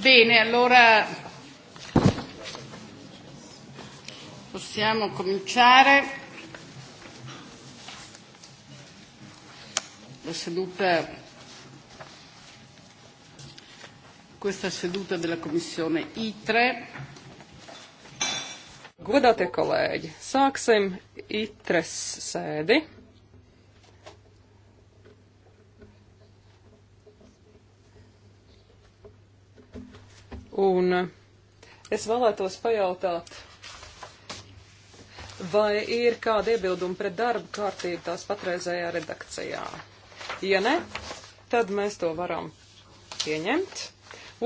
Bene, allora possiamo cominciare. La seduta, questa seduta della Commissione ITRE. Godātie kolēģi, sāksim ITRES sēdi. Un eh, es vēlētos pajautāt, vai ir kāda iebilduma pret darba kārtību tās patreizējā redakcijā. Ja ne, tad mēs to varam pieņemt.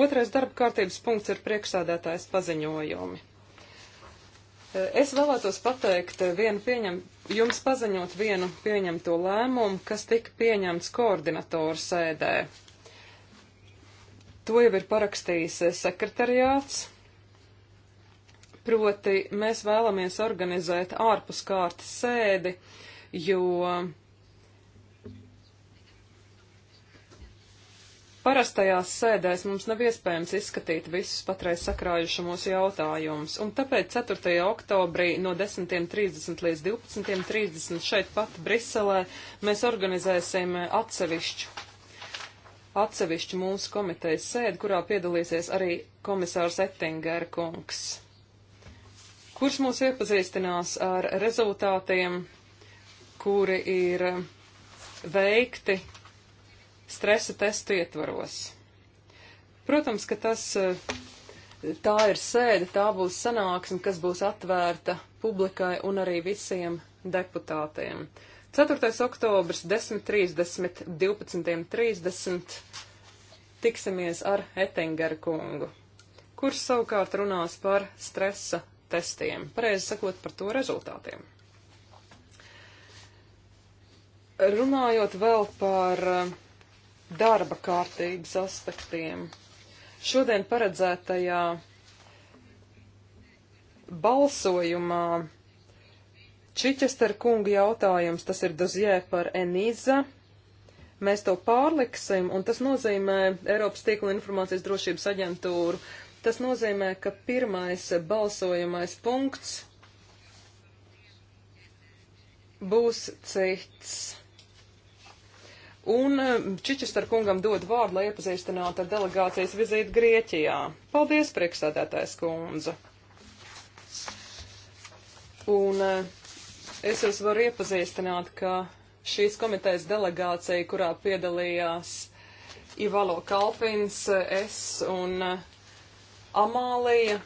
Otrais darba kārtības punkts ir priekšsādētājs paziņojumi. Eh, es vēlētos pateikt, eh, vienu pieņem, jums paziņot vienu pieņemto lēmumu, kas tika pieņemts koordinatoru sēdē. To jau ir parakstījis eh, sekretariāts. Proti, mēs vēlamies organizēt ārpus kārtas sēdi, jo parastajās sēdēs mums nav iespējams izskatīt visus patreiz sakrājušamos jautājumus, un tāpēc 4. oktobrī no 10.30 līdz 12.30 šeit pat Briselē mēs organizēsim eh, atsevišķu atsevišķu mūsu komitejas sēdi, kurā piedalīsies arī komisārs Ettingera kungs, kurš mūs iepazīstinās ar rezultātiem, kuri ir veikti stresa testu ietvaros. Protams, ka tas, tā ir sēde, tā būs sanāksme, kas būs atvērta publikai un arī visiem deputātiem. 4. oktobrs 10.30, 12.30 tiksimies ar Ettingeru kungu, kurš savukārt runās par stresa testiem, pareizi sakot par to rezultātiem. Runājot vēl par eh, darba kārtības aspektiem, šodien paredzētajā balsojumā Čičester kunga jautājums, tas ir dozjē par Enīza. Mēs to pārliksim, un tas nozīmē Eiropas tīkla informācijas drošības aģentūru. Tas nozīmē, ka pirmais balsojamais punkts būs cits. Un um, Čičester kungam dod vārdu, lai iepazīstinātu ar delegācijas vizīti Grieķijā. Paldies, priekšsēdētājs kundze! Un uh, Es jūs varu iepazīstināt, ka šīs komitejas delegācija, kurā piedalījās Ivalo Kalpins, es un Amālija,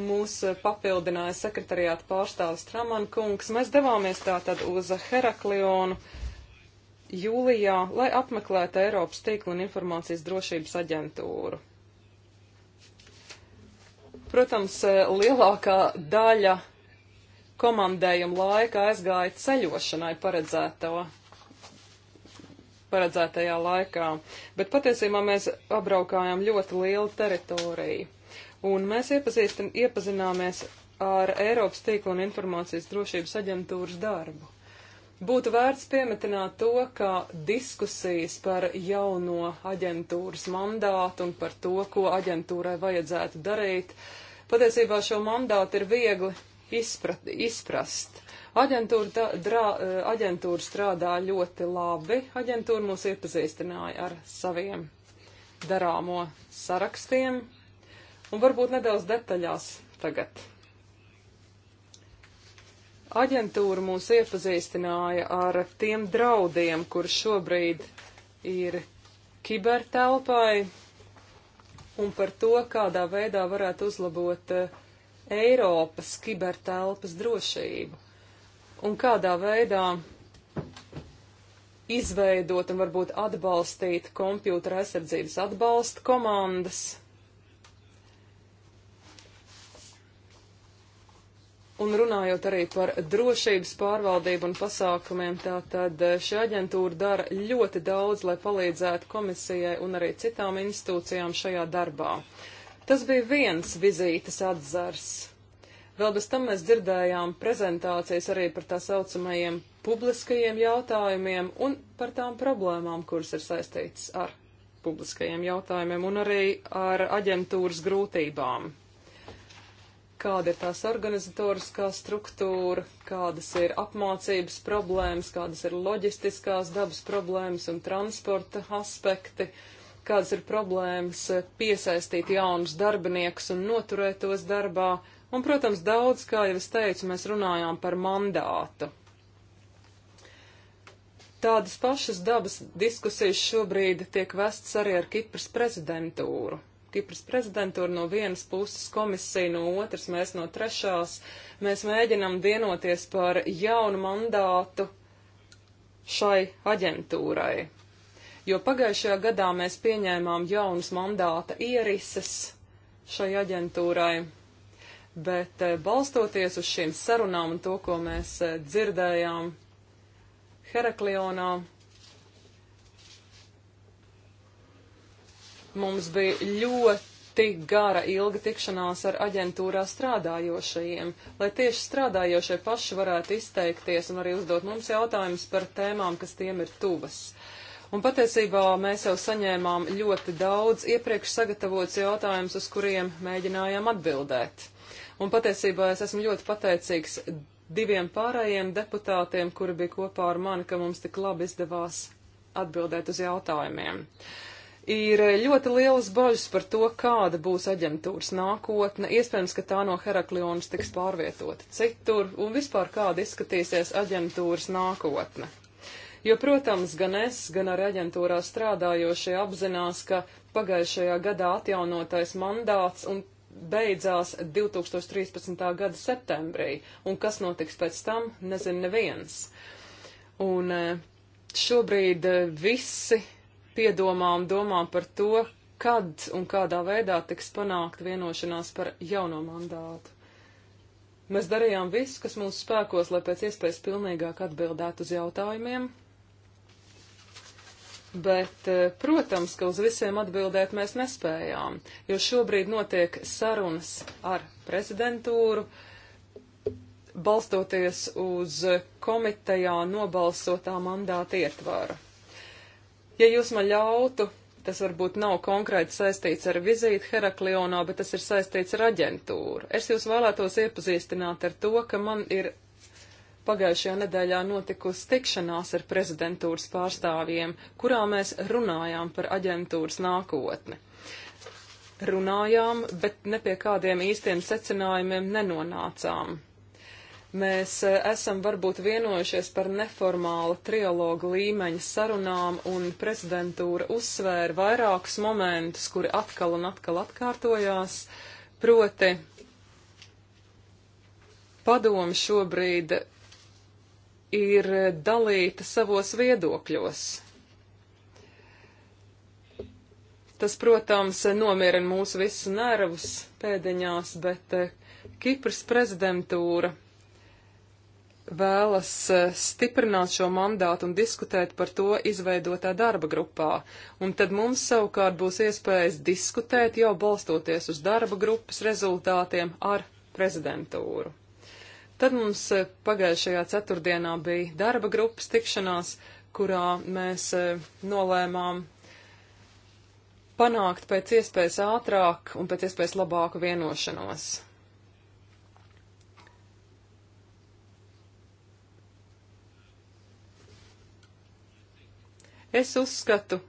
mūs papildināja sekretariāta pārstāvis Traman kungs. Mēs devāmies tātad uz Heraklionu jūlijā, lai apmeklētu Eiropas tīkla un informācijas drošības aģentūru. Protams, lielākā daļa komandējuma laika aizgāja ceļošanai paredzēto paredzētajā laikā, bet patiesībā mēs apbraukājām ļoti lielu teritoriju. Un mēs iepazināmies ar Eiropas tīkla un informācijas drošības aģentūras darbu. Būtu vērts piemetināt to, ka diskusijas par jauno aģentūras mandātu un par to, ko aģentūrai vajadzētu darīt, patiesībā šo mandātu ir viegli izprat, izprast. Aģentūra, da, drā, eh, aģentūra strādā ļoti labi. Aģentūra mūs iepazīstināja ar saviem darāmo sarakstiem. Un varbūt nedaudz detaļās tagad. Aģentūra mūs iepazīstināja ar tiem draudiem, kur šobrīd ir kibertelpai un par to, kādā veidā varētu uzlabot uh, Eiropas kibertelpas drošību un kādā veidā izveidot un varbūt atbalstīt kompjūtera aizsardzības atbalsta komandas. Un runājot arī par drošības pārvaldību un pasākumiem, tātad šī aģentūra dara ļoti daudz, lai palīdzētu komisijai un arī citām institūcijām šajā darbā. Uh, Tas bija viens vizītes atzars. Vēl bez tam mēs dzirdējām prezentācijas arī par tā saucamajiem publiskajiem jautājumiem un par tām problēmām, kuras ir saistītas ar publiskajiem jautājumiem un arī ar aģentūras grūtībām. Kāda ir tās organizatoriskā struktūra, kādas ir apmācības problēmas, kādas ir loģistiskās dabas problēmas un transporta aspekti. Uh, kādas ir problēmas eh, piesaistīt jaunus darbiniekus un noturēt tos darbā. Un, protams, daudz, kā jau es teicu, mēs runājām par mandātu. Tādas pašas dabas diskusijas šobrīd tiek vestas arī ar Kipras prezidentūru. Kipras prezidentūra no vienas puses, komisija no otras, mēs no trešās. Mēs mēģinam vienoties par jaunu mandātu šai aģentūrai jo pagājušajā gadā mēs pieņēmām jaunas mandāta ierises šai aģentūrai, bet eh, balstoties uz šīm sarunām un to, ko mēs eh, dzirdējām Heraklionā, mums bija ļoti gara ilga tikšanās ar aģentūrā strādājošajiem, lai tieši strādājošie paši varētu izteikties un arī uzdot mums jautājumus par tēmām, kas tiem ir tuvas. Uh, Un patiesībā mēs jau saņēmām ļoti daudz iepriekš sagatavots jautājums, uz kuriem mēģinājām atbildēt. Un patiesībā es esmu ļoti pateicīgs diviem pārējiem deputātiem, kuri bija kopā ar mani, ka mums tik labi izdevās atbildēt uz jautājumiem. Ir ļoti lielas bažas par to, kāda būs aģentūras nākotne. Iespējams, ka tā no Heraklionas tiks pārvietota citur, un vispār kāda izskatīsies aģentūras nākotne. Jo, protams, gan es, gan arī aģentūrā strādājošie apzinās, ka pagājušajā gadā atjaunotais mandāts un beidzās 2013. gada septembrī, un kas notiks pēc tam, nezin neviens. Un e, šobrīd e, visi piedomā un domā par to, kad un kādā veidā tiks panākt vienošanās par jauno mandātu. Mēs darījām visu, kas mūsu spēkos, lai pēc iespējas pilnīgāk atbildētu uz jautājumiem, Bet, eh, protams, ka uz visiem atbildēt mēs nespējām, jo šobrīd notiek sarunas ar prezidentūru, balstoties uz komitejā nobalsotā mandāta ietvara. Ja jūs man ļautu, tas varbūt nav konkrēti saistīts ar vizīti Heraklionā, bet tas ir saistīts ar aģentūru. Es jūs vēlētos iepazīstināt ar to, ka man ir pagājušajā nedēļā notikusi tikšanās ar prezidentūras pārstāvjiem, kurā mēs runājām par aģentūras nākotni. Runājām, bet ne pie kādiem īstiem secinājumiem nenonācām. Mēs e, esam varbūt vienojušies par neformālu trialogu līmeņa sarunām, un prezidentūra uzsvēra vairākus momentus, kuri atkal un atkal atkārtojās, proti padomu šobrīd ir dalīta savos viedokļos. Tas, protams, nomierina mūsu visu nervus pēdiņās, bet eh, Kipras prezidentūra vēlas eh, stiprināt šo mandātu un diskutēt par to izveidotā darba grupā. Un tad mums savukārt būs iespējas diskutēt jau balstoties uz darba grupas rezultātiem ar prezidentūru. Tad mums eh, pagājušajā ceturtdienā bija darba grupas tikšanās, kurā mēs eh, nolēmām panākt pēc iespējas ātrāk un pēc iespējas labāku vienošanos. Es uzskatu,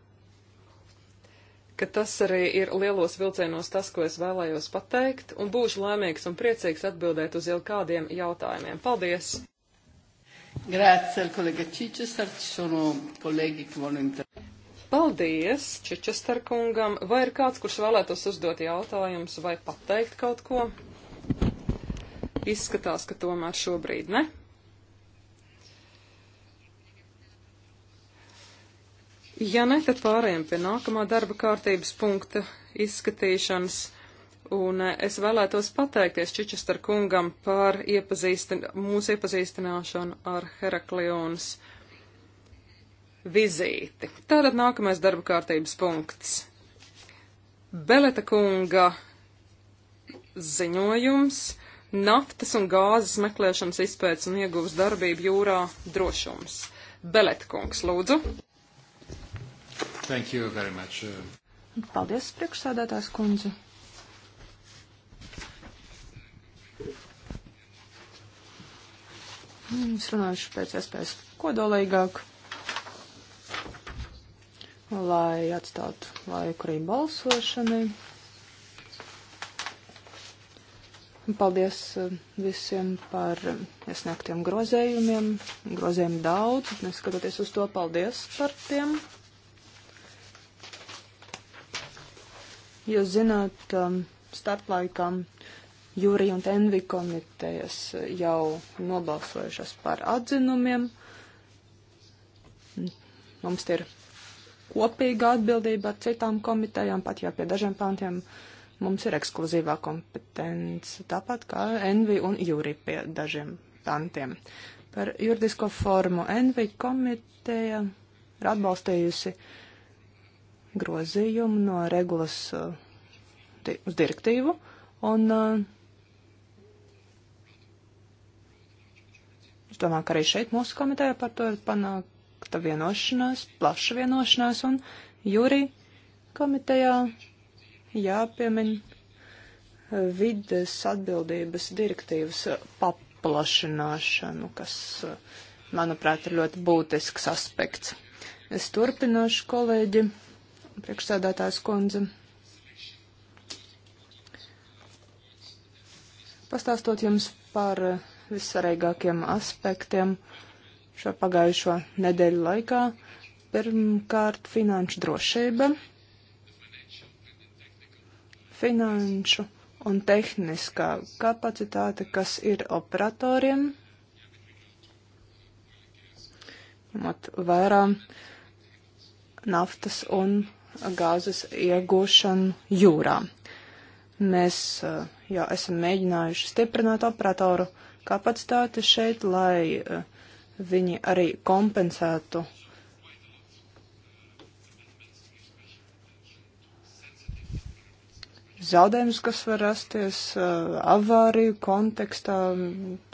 ka tas arī ir lielos vilcienos tas, ko es vēlējos pateikt, un būšu laimīgs un priecīgs atbildēt uz jau kādiem jautājumiem. Paldies! Grazie al collega Cicesar, ci sono colleghi che vogliono intervenire. Paldies Čičester kungam. Vai ir kāds, kurš vēlētos uzdot jautājumus vai pateikt kaut ko? Izskatās, ka tomēr šobrīd ne. Ja ne, tad pārējiem pie nākamā darba kārtības punkta izskatīšanas. Un e, es vēlētos pateikties Čičester kungam par iepazīstin mūsu iepazīstināšanu ar Heraklionas vizīti. Tātad nākamais darba kārtības punkts. Beleta kunga ziņojums - naftas un gāzes meklēšanas izpētes un ieguvas darbību jūrā drošums. Beleta kungs, lūdzu. Thank you very much. Uh, paldies, priekšsēdētājs kundze. Mm, es runāšu pēc iespējas kodolīgāk, lai atstātu laiku arī balsošanai. Paldies uh, visiem par iesniegtiem grozējumiem. Grozējumi daudz, neskatoties uz to, paldies par tiem. Jūs zināt, ka starplaikām Jūrija un Envi komitejas jau nobalsojušas par atzinumiem. Mums ir kopīga atbildība ar citām komitejām, pat jau pie dažiem pantiem mums ir ekskluzīvā kompetence, tāpat kā Envi un Jūri pie dažiem pantiem. Par juridisko formu Envi komiteja ir atbalstījusi uh, grozījumu no regulas eh, uz direktīvu, un eh, es domāju, ka arī šeit mūsu komitejā par to ir panākta vienošanās, plaša vienošanās, un jūrī komitejā jāpiemin eh, vides atbildības direktīvas paplašināšanu, kas, manuprāt, ir ļoti būtisks aspekts. Es turpināšu, kolēģi priekšsēdētājs kundze. Pastāstot jums par vissvarīgākiem aspektiem šo pagājušo nedēļu laikā, pirmkārt finanšu drošība, finanšu un tehniskā kapacitāte, kas ir operatoriem, ņemot vērā naftas un gāzes iegūšanu jūrā. Mēs eh, jau esam mēģinājuši stiprināt operatoru kapacitāti šeit, lai eh, viņi arī kompensētu zaudējumus, kas var rasties eh, avāriju kontekstā,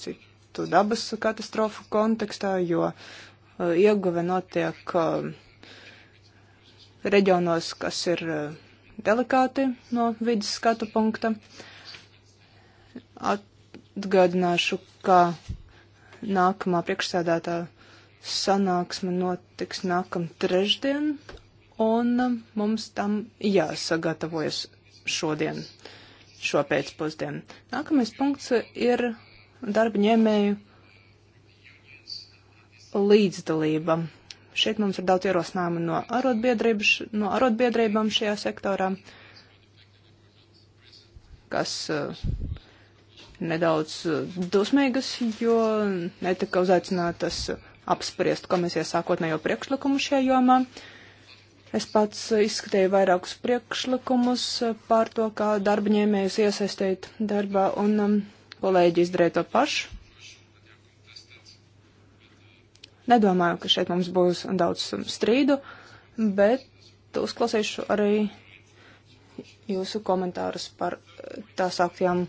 citu dabas katastrofu kontekstā, jo ieguve notiek uh, reģionos, kas ir eh, delikāti no vidas skatu punkta. Atgādināšu, ka nākamā priekšsēdētā sanāksme notiks nākam trešdien, un eh, mums tam jāsagatavojas šodien, šo pēcpusdienu. Nākamais punkts ir darba ņēmēju līdzdalība Šeit mums ir daudz ierosinājumu no, no arotbiedrībām šajā sektorā, kas uh, nedaudz eh, dusmīgas, jo netika uzaicinātas apspriest komisijas sākotnējo priekšlikumu šajā jomā. Es pats izskatīju vairākus priekšlikumus eh, par to, kā darba ņēmējus iesaistīt darbā, un um, kolēģi izdarīja to pašu. Nedomāju, ka šeit mums būs daudz strīdu, bet uzklausīšu arī jūsu komentārus par tā sauktiem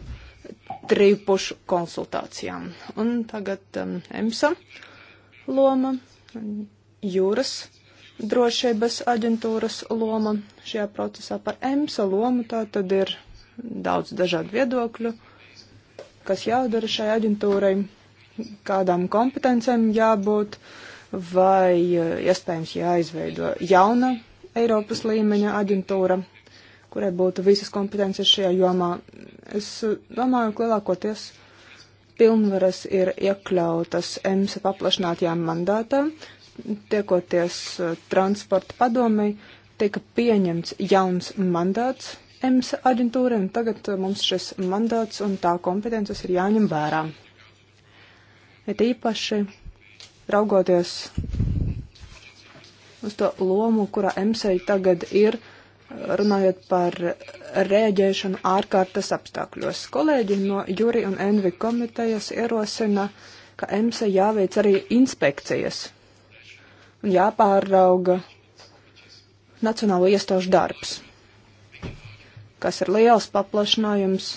trīpušu konsultācijām. Un tagad um, EMSA loma, jūras drošības aģentūras loma šajā procesā par EMSA lomu, tā tad ir daudz dažādu viedokļu, kas jādara šai aģentūrai kādām kompetencēm jābūt, vai e, iespējams jāizveido jauna Eiropas līmeņa aģentūra, kurai būtu visas kompetences šajā jomā. Es e, domāju, ka lielākoties pilnvaras ir iekļautas EMSA paplašinātajā mandātā, tiekoties e, transporta padomei, tika pieņemts jauns mandāts EMSA aģentūrai, un tagad mums šis mandāts un tā kompetences ir jāņem vērā it īpaši raugoties uz to lomu, kurā MSEI tagad ir, runājot par rēģēšanu ārkārtas apstākļos. Kolēģi no Juri un Envi komitejas ierosina, ka MSEI jāveic arī inspekcijas un jāpārauga nacionālo iestāžu darbs, kas ir liels paplašinājums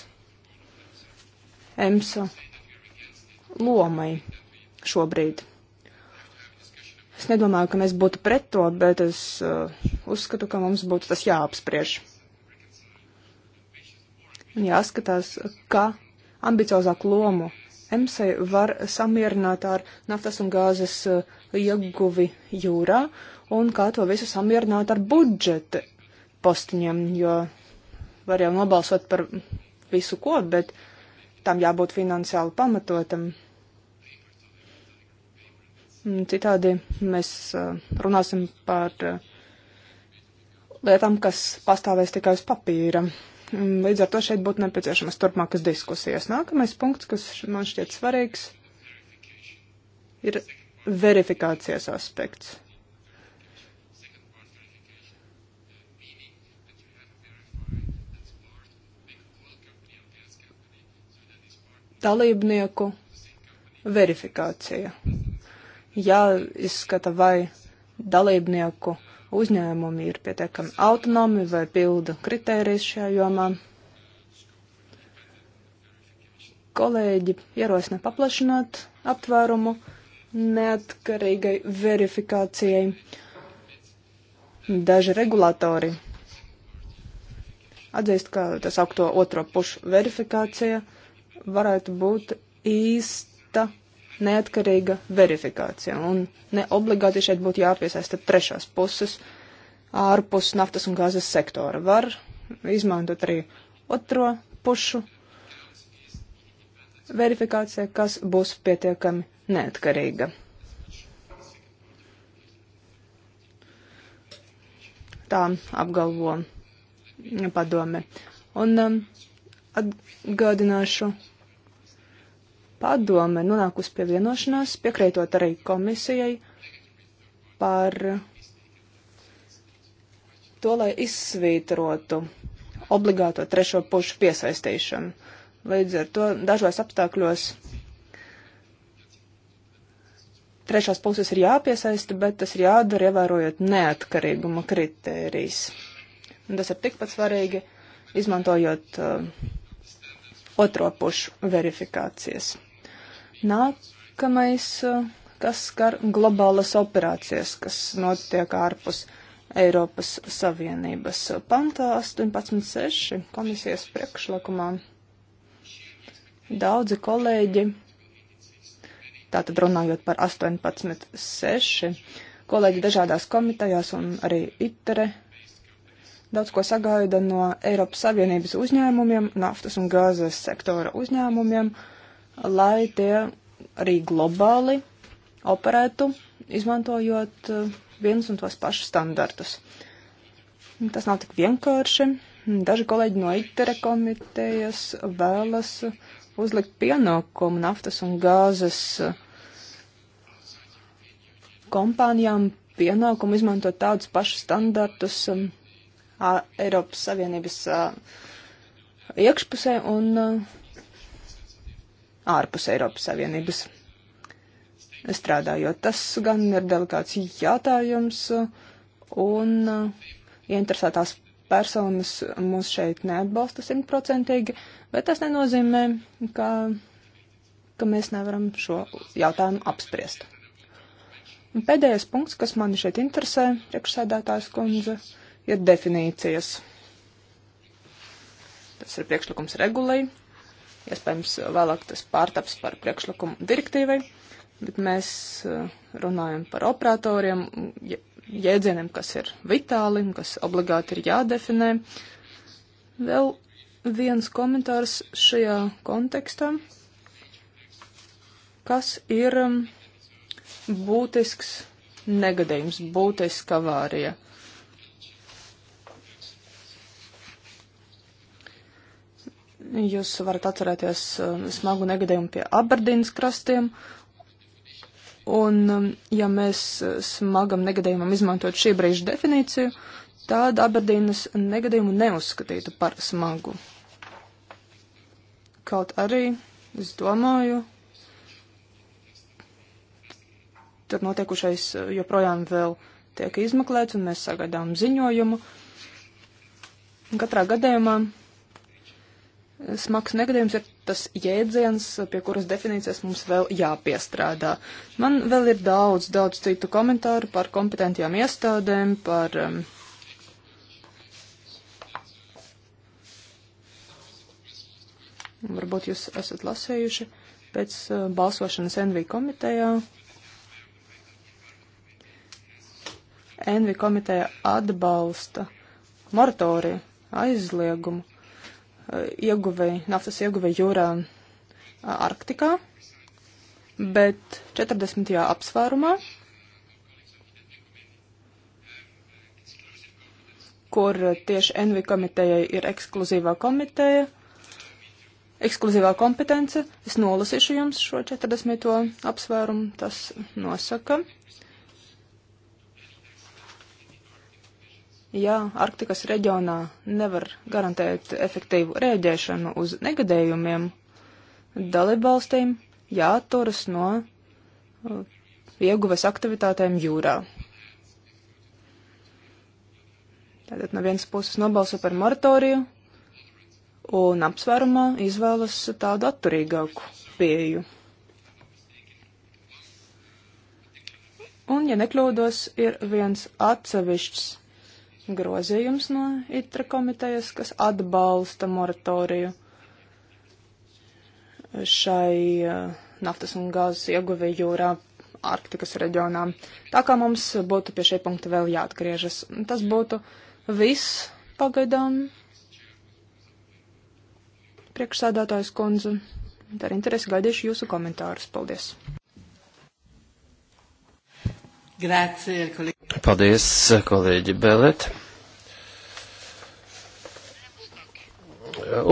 EMSA lomai šobrīd. Es nedomāju, ka mēs būtu pret to, bet es uh, uzskatu, ka mums būtu tas jāapspriež. Un jāskatās, kā ambiciozāku lomu EMSA var samierināt ar naftas un gāzes uh, ieguvi jūrā un kā to visu samierināt ar budžeta postiņiem, jo var jau nobalsot par visu ko, bet uh, tam jābūt finansiāli pamatotam. Citādi mēs uh, runāsim par uh, lietām, kas pastāvēs tikai uz papīra. Līdz ar to šeit būtu nepieciešamas turpmākas diskusijas. Nākamais punkts, kas man šķiet svarīgs, ir verifikācijas aspekts. dalībnieku verifikācija. Jāizskata, vai dalībnieku uzņēmumi ir pietiekami autonomi vai pilda kritērijas šajā jomā. Kolēģi ierosina paplašināt aptvērumu neatkarīgai verifikācijai. Daži regulātori atzīst, ka tas augto otro pušu verifikācija uh, varētu būt īsta neatkarīga verifikācija. Un ne obligāti šeit būtu jāpiesaista trešās puses ārpus naftas un gāzes sektora. Var izmantot arī otro pušu verifikācija, kas būs pietiekami neatkarīga. Tā apgalvo padome. Un um, atgādināšu Padome nonākus pie vienošanās, piekrītot arī komisijai par to, lai izsvītrotu obligāto trešo pušu piesaistīšanu. Līdz ar to dažos apstākļos trešās puses ir jāpiesaista, bet tas ir jādara ievērojot neatkarīguma kritērijas. Un tas ir tikpat svarīgi, izmantojot uh, otro pušu verifikācijas. Nākamais, eh, kas skar globālas operācijas, kas notiek ārpus Eiropas Savienības pantā 18.6 komisijas priekšlikumā. Daudzi kolēģi, tātad runājot par 18.6, kolēģi dažādās komitejās un arī itere daudz ko sagaida no Eiropas Savienības uzņēmumiem, naftas un gāzes sektora uzņēmumiem, uh, lai tie arī globāli operētu, izmantojot uh, vienus un tos pašus standartus. Tas nav tik vienkārši. Daži kolēģi no ITERE komitejas vēlas uzlikt pienākumu naftas un gāzes uh, kompānijām pienākumu izmantot tādus pašus standartus um, Eiropas Savienības uh, iekšpusē un uh, ārpus Eiropas Savienības strādājot. Tas gan ir delikāts jautājums, un interesētās personas mūs šeit neatbalsta simtprocentīgi, bet tas nenozīmē, ka, ka mēs nevaram šo jautājumu apspriest. Un pēdējais punkts, kas mani šeit interesē, priekšsēdētājs kundze, ir definīcijas. Tas ir priekšlikums regulai, Iespējams, vēlāk tas pārtaps par priekšlikumu direktīvai, bet mēs eh, runājam par operatoriem, jēdzieniem, kas ir vitāli un kas obligāti ir jādefinē. Vēl viens komentārs šajā kontekstā. Kas ir mm, būtisks negadījums, būtiska avārija? Jūs varat atcerēties um, smagu negadījumu pie Aberdīnas krastiem. Un, um, ja mēs uh, smagam negadījumam izmantot šī brīža definīciju, tad Aberdīnas negadījumu neuzskatītu par smagu. Kaut arī, es domāju, tur notiekušais uh, joprojām vēl tiek izmeklēts, un mēs sagaidām ziņojumu. Katrā gadījumā Smags negadījums ir tas jēdziens, pie kuras definīcijas mums vēl jāpiestrādā. Man vēl ir daudz, daudz citu komentāru par kompetentajām iestādēm, par. Um, varbūt jūs esat lasējuši pēc uh, balsošanas NV komitejā. NV komiteja atbalsta moratoriju aizliegumu ieguvei, naftas ieguvei jūrā Arktikā, bet 40. apsvērumā, kur tieši Envi komitejai ir ekskluzīvā komiteja, ekskluzīvā kompetence, es nolasīšu jums šo 40. apsvērumu, tas nosaka, Ja Arktikas reģionā nevar garantēt efektīvu rēģēšanu uz negadējumiem, dalībvalstīm jāatturas no uh, ieguves aktivitātēm jūrā. Tātad no vienas puses nobalso par moratoriju un apsvērumā izvēlas tādu atturīgāku pieju. Un, ja nekļūdos, ir viens atsevišķs grozījums no ITRA komitejas, kas atbalsta moratoriju šai eh, naftas un gāzes ieguvi jūrā Arktikas reģionā. Tā kā mums būtu pie šī punkta vēl jāatgriežas. Tas būtu viss pagaidām. Priekšsēdētājs kundze, ar interesi gaidīšu jūsu komentārus. Paldies! Grācija, kolēģi. Paldies, kolēģi Belet.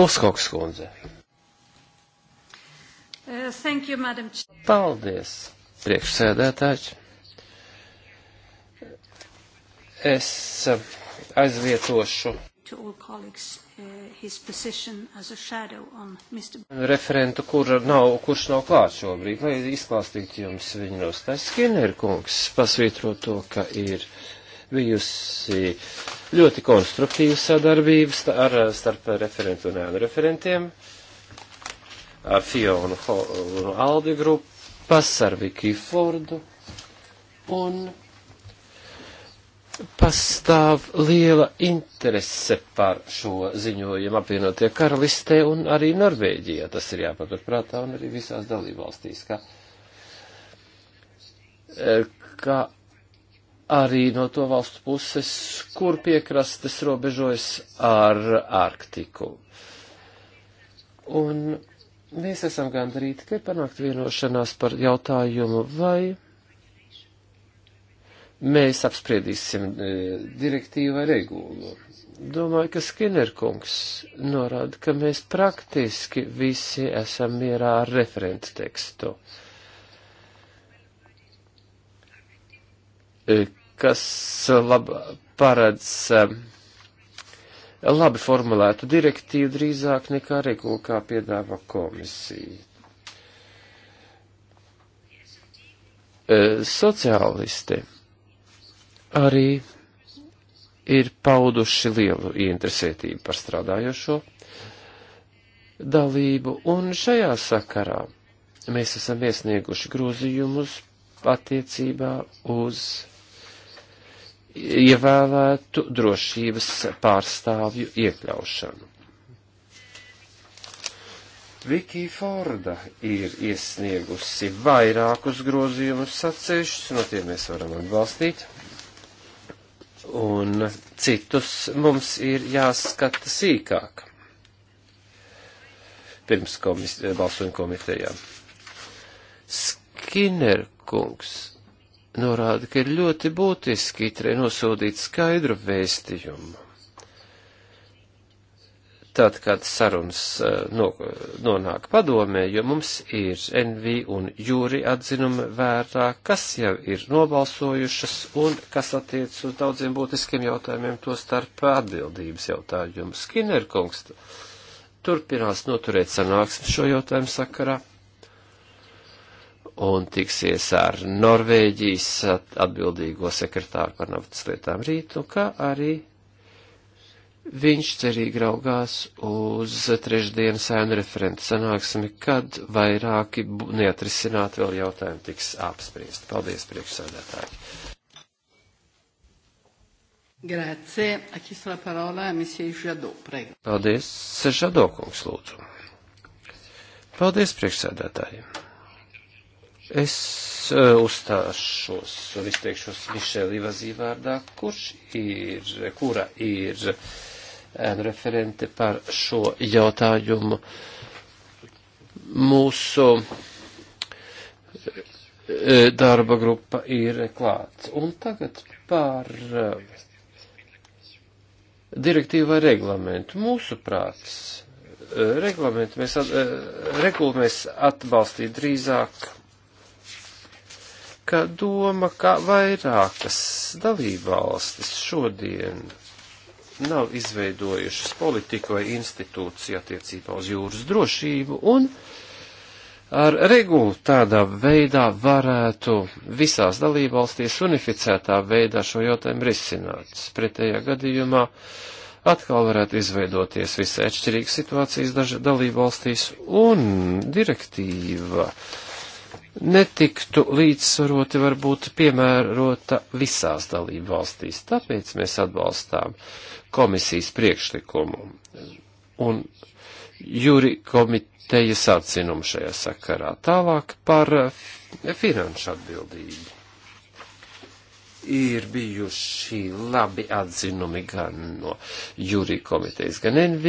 Uzkoks kundze. Uh, thank you, madam. Paldies, priekšsēdētāji. Es uh, aizvietošu. To all colleagues. Uh, his position as a shadow on Mr. Referentu, kur nav, kurš nav klāt šobrīd, lai izklāstītu jums viņu nostājas. Skinner kungs pasvītro to, ka ir bijusi ļoti konstruktīva sadarbība ar, starp referentu un ēnu referentiem, ar Fionu un Aldi grupas, ar Viki Fordu un pastāv liela interese par šo ziņojumu apvienotie karalistē un arī Norvēģijā. Tas ir jāpaturprātā un arī visās dalībvalstīs, kā, e, kā arī no to valstu puses, kur piekrastes robežojas ar Arktiku. Un mēs esam gandrīz, ka panākt vienošanās par jautājumu, vai mēs apspriedīsim e, direktīvai regulu. Domāju, ka Skinnerkungs norāda, ka mēs praktiski visi esam mierā ar referentu tekstu, e, kas laba, paredz e, labi formulētu direktīvu drīzāk nekā regulu, kā piedāvā komisija. Sociālisti arī ir pauduši lielu interesētību par strādājošo dalību, un šajā sakarā mēs esam iesnieguši grozījumus attiecībā uz ievēlētu drošības pārstāvju iekļaušanu. Viki Forda ir iesniegusi vairākus grozījumus sacēšus, no tiem mēs varam atbalstīt un citus mums ir jāskata sīkāk pirms komis, balsojuma komitejā. Skinner kungs norāda, ka ir ļoti būtiski itrē nosūtīt skaidru vēstījumu tad, kad sarunas eh, no, nonāk padomē, jo mums ir NV un jūri atzinumi vērā, kas jau ir nobalsojušas un kas attiec uz daudziem būtiskiem jautājumiem, to starp atbildības jautājumu. Skinner kungs turpinās noturēt sanāksmi šo jautājumu sakarā un tiksies ar Norvēģijas atbildīgo sekretāru par naftas lietām rīt, un kā arī Viņš cerīgi raugās uz trešdienas ēnu referentu sanāksmi, kad vairāki neatrisināt vēl jautājumi tiks apspriest. Paldies, priekšsēdētāji! Grazie. Ha chiesto la parola a Monsieur Jadot, prego. Paldies, Jadot, kungs, lūdzu. Paldies, priekšsēdētāji. Es uh, uzstāšos un izteikšos Mišēli Vazīvārdā, kurš ir, kura ir uh, ēnu referente par šo jautājumu. Mūsu e, darba grupa ir klāts. Un tagad par e, direktīvā reglamentu. Mūsu prāts e, reglamentu mēs, at, regulu mēs atbalstīja drīzāk, ka doma, ka vairākas dalībvalstis šodien nav izveidojušas politiku vai institūciju attiecībā uz jūras drošību, un ar regulu tādā veidā varētu visās dalībvalstīs unificētā veidā šo jautājumu risināt. Pretējā gadījumā atkal varētu izveidoties visai atšķirīgas situācijas dalībvalstīs, un direktīva uh, netiktu līdzsvaroti, varbūt piemērota visās dalību valstīs. Tāpēc mēs atbalstām komisijas priekšlikumu un jūri komitejas atzinumu šajā sakarā. Tālāk par finanšu atbildību ir bijuši labi atzinumi gan no jūrī komitejas, gan NV,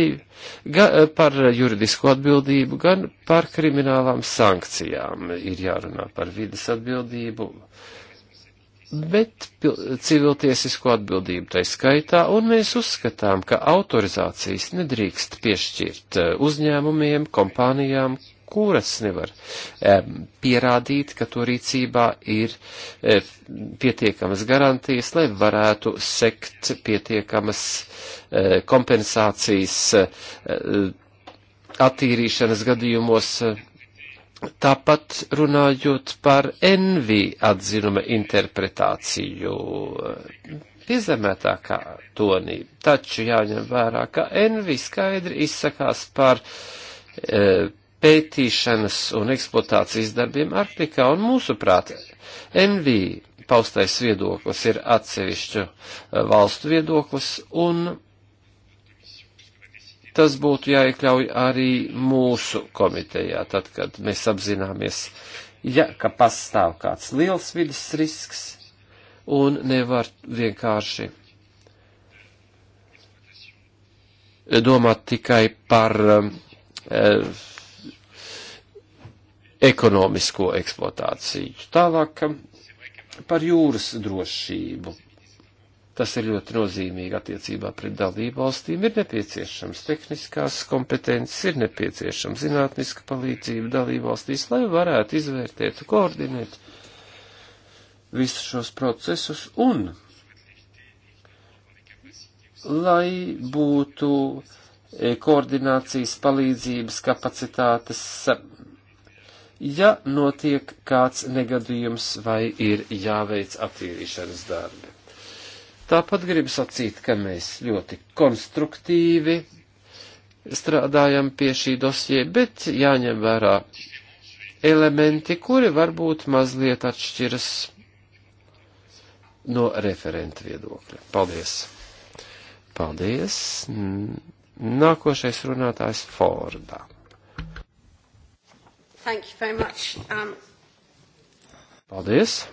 gan eh, par juridisko atbildību, gan par kriminālām sankcijām. Ir jārunā par vidas atbildību, bet civiltiesisko atbildību tai skaitā, un mēs uzskatām, ka autorizācijas nedrīkst piešķirt eh, uzņēmumiem, kompānijām, kuras nevar pierādīt, ka to rīcībā ir e, pietiekamas garantijas, lai varētu sekt pietiekamas e, kompensācijas e, attīrīšanas gadījumos Tāpat runājot par envī atzinuma interpretāciju, piezemētākā tonī, taču jāņem vērā, ka envī skaidri izsakās par e, pētīšanas un eksploatācijas darbiem Arktikā, un mūsuprāt, NV paustais viedoklis ir atsevišķu eh, valstu viedoklis, un tas būtu jāiekļauj arī mūsu komitejā, tad, kad mēs apzināmies, ja, ka pastāv kāds liels vidas risks, un nevar vienkārši domāt tikai par uh, ekonomisko eksploatāciju. Tālāk par jūras drošību. Tas ir ļoti nozīmīgi attiecībā pret dalību valstīm. Ir nepieciešams tehniskās kompetences, ir nepieciešama zinātniska palīdzība dalību valstīs, lai varētu izvērtēt, koordinēt visus šos procesus un lai būtu koordinācijas palīdzības kapacitātes ja notiek kāds negadījums vai ir jāveic attīrīšanas darbi. Tāpat gribu sacīt, ka mēs ļoti konstruktīvi strādājam pie šī dosie, bet jāņem vērā elementi, kuri varbūt mazliet atšķiras no referenta viedokļa. Paldies! Paldies! Nākošais runātājs Fordā. Thank you very much. Um... Paldies.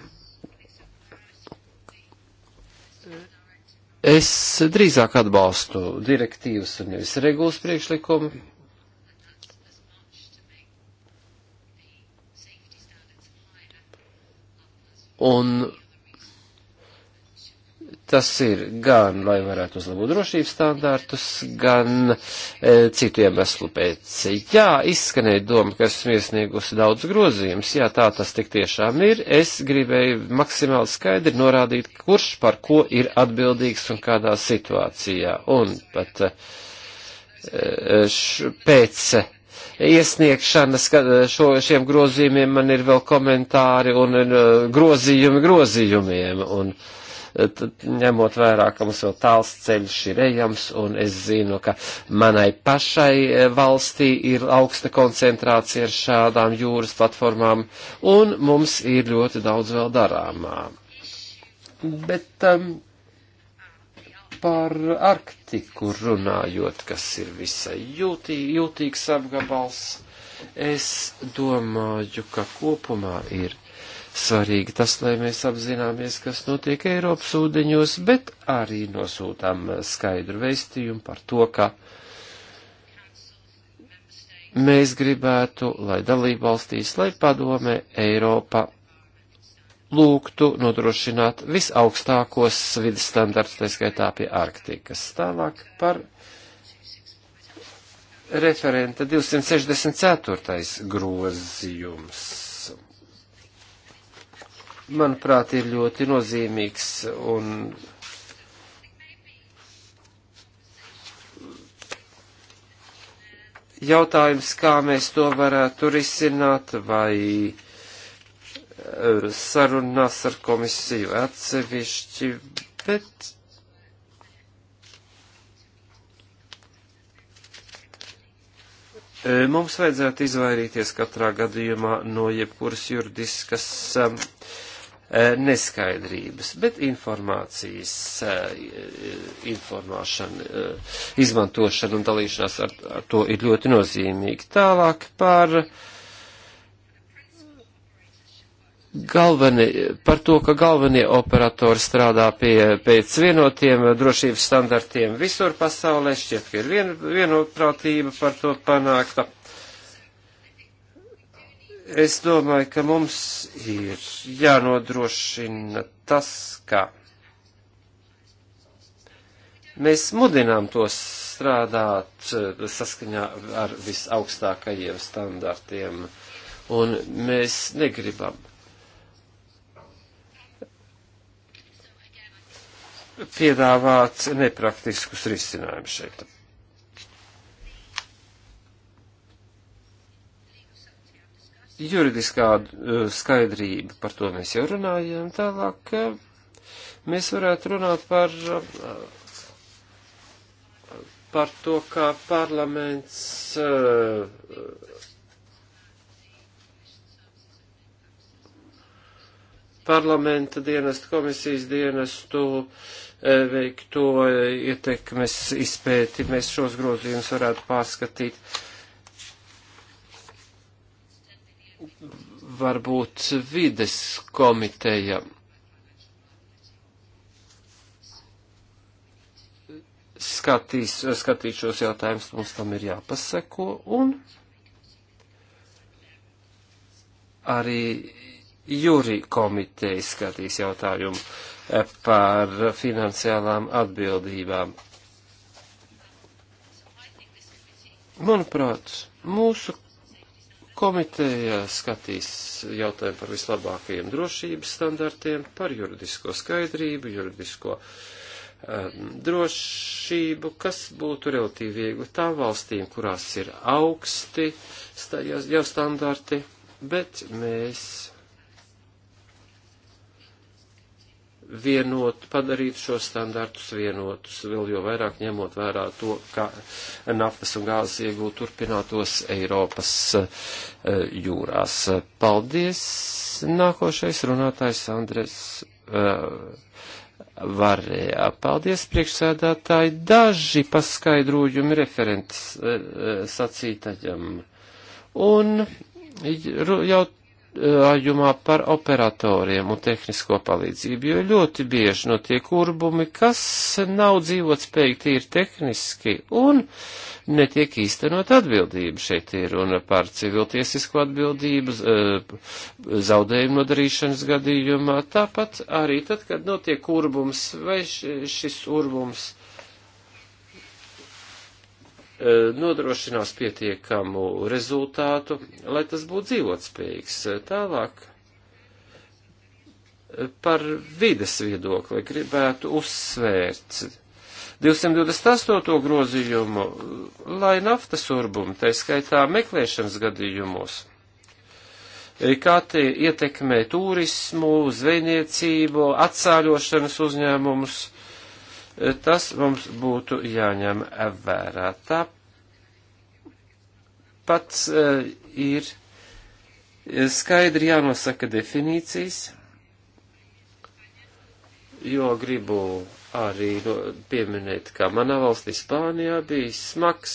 Es drīzāk atbalstu direktīvas un nevis regulas priekšlikumu. Un tas ir gan, lai varētu uzlabot drošības standārtus, gan e, citu iemeslu pēc. Jā, izskanēja doma, ka esmu iesniegusi daudz grozījumus, jā, tā tas tik tiešām ir. Es gribēju maksimāli skaidri norādīt, kurš par ko ir atbildīgs un kādā situācijā. Un pat e, š, pēc iesniegšanas, ka šo, šiem grozījumiem man ir vēl komentāri un, un e, grozījumi grozījumiem. Un, uh, ņemot vērā, ka mums vēl tāls ceļš ir ejams, un es zinu, ka manai pašai e, valstī ir augsta koncentrācija ar šādām jūras platformām, un mums ir ļoti daudz vēl darāmā. Bet um, par Arktiku runājot, kas ir visai jūtī, jūtīgs apgabals, es domāju, ka kopumā ir svarīgi tas, lai mēs apzināmies, kas notiek Eiropas ūdeņos, bet arī nosūtām skaidru vēstījumu par to, ka mēs gribētu, lai dalībvalstīs, lai padome Eiropa lūgtu nodrošināt visaugstākos vidas standartus, tā skaitā pie Arktikas. Tālāk par referenta 264. grozījums manuprāt, ir ļoti nozīmīgs un jautājums, kā mēs to varētu risināt, vai eh, sarunās ar komisiju atsevišķi, bet. Eh, mums vajadzētu izvairīties katrā gadījumā no jebkuras juridiskas eh, E, neskaidrības, bet informācijas e, informāšana, e, izmantošana un dalīšanās ar, ar to ir ļoti nozīmīgi. Tālāk par galvenie, par to, ka galvenie operatori strādā pie, pēc vienotiem drošības standartiem visur pasaulē, šķiet, ka ir vien, vienotprātība par to panākta. Es domāju, ka mums ir jānodrošina tas, ka mēs mudinām tos strādāt eh, saskaņā ar visaugstākajiem standartiem, un mēs negribam. Piedāvāt nepraktiskus risinājumus šeit. juridiskā eh, skaidrība, par to mēs jau runājām tālāk, eh, mēs varētu runāt par, eh, par to, kā parlaments parlamenta dienestu, komisijas dienestu veikto ietekmes izpēti, mēs šos grozījumus varētu pārskatīt varbūt vides komiteja skatīs, skatīs šos jautājumus, mums tam ir jāpaseko, un arī jūri komiteja skatīs jautājumu eh, par finansiālām atbildībām. Manuprāt, mūsu Komiteja skatīs jautājumu par vislabākajiem drošības standartiem, par juridisko skaidrību, juridisko um, drošību, kas būtu relatīvi viegli tām valstīm, kurās ir augsti stā, jau standarti, bet mēs vienot, padarīt šos standartus vienotus, vēl jo vairāk ņemot vērā to, ka naftas un gāzes iegūt turpinātos Eiropas eh, jūrās. Paldies! Nākošais runātājs Andres eh, varēja. Paldies, priekšsēdātāji! Daži paskaidrojumi referents eh, sacītajam. Un jautājums jautājumā par operatoriem un tehnisko palīdzību, jo ļoti bieži notiek urbumi, kas nav dzīvot spējīgi tīri tehniski un netiek īstenot atbildību. Šeit ir runa par civiltiesisko atbildību, eh, zaudējumu nodarīšanas gadījumā, tāpat arī tad, kad notiek urbums vai šis urbums E, nodrošinās pietiekamu rezultātu, lai tas būtu dzīvotspējīgs. E, tālāk e, par vides viedokli gribētu uzsvērt 228. grozījumu, lai naftas urbumu, tai skaitā meklēšanas gadījumos, kā tie ietekmē turismu, zvejniecību, atsāļošanas uzņēmumus, Tas mums būtu jāņem vērā. Tāpat eh, ir skaidri jānosaka definīcijas, jo gribu arī no, pieminēt, kā manā valstī Spānijā bija smags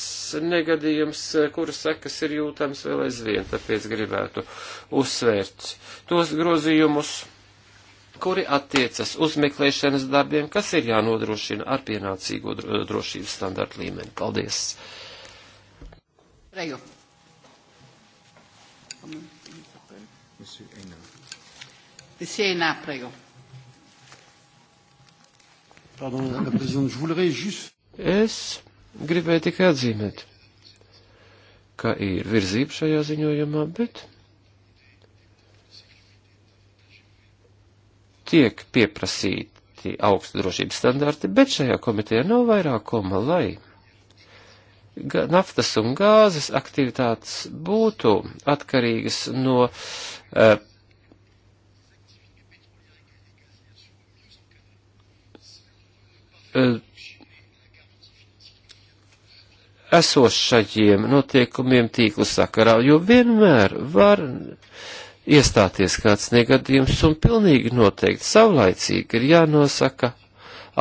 negadījums, eh, kuras sekas ir jūtams vēl aizvien, tāpēc gribētu uzsvērt tos grozījumus kuri attiecas uz meklēšanas darbiem, kas ir jānodrošina ar pienācīgo drošības standartu līmeni. Paldies! Reju. Es gribēju tikai atzīmēt, ka ir virzība šajā ziņojumā, bet tiek pieprasīti augstu drošības standarti, bet šajā komitejā nav vairākuma, lai naftas un gāzes aktivitātes būtu atkarīgas no uh, uh, esošajiem notiekumiem tīklu sakarā, jo vienmēr var uh, iestāties kāds negadījums, un pilnīgi noteikti savlaicīgi ir jānosaka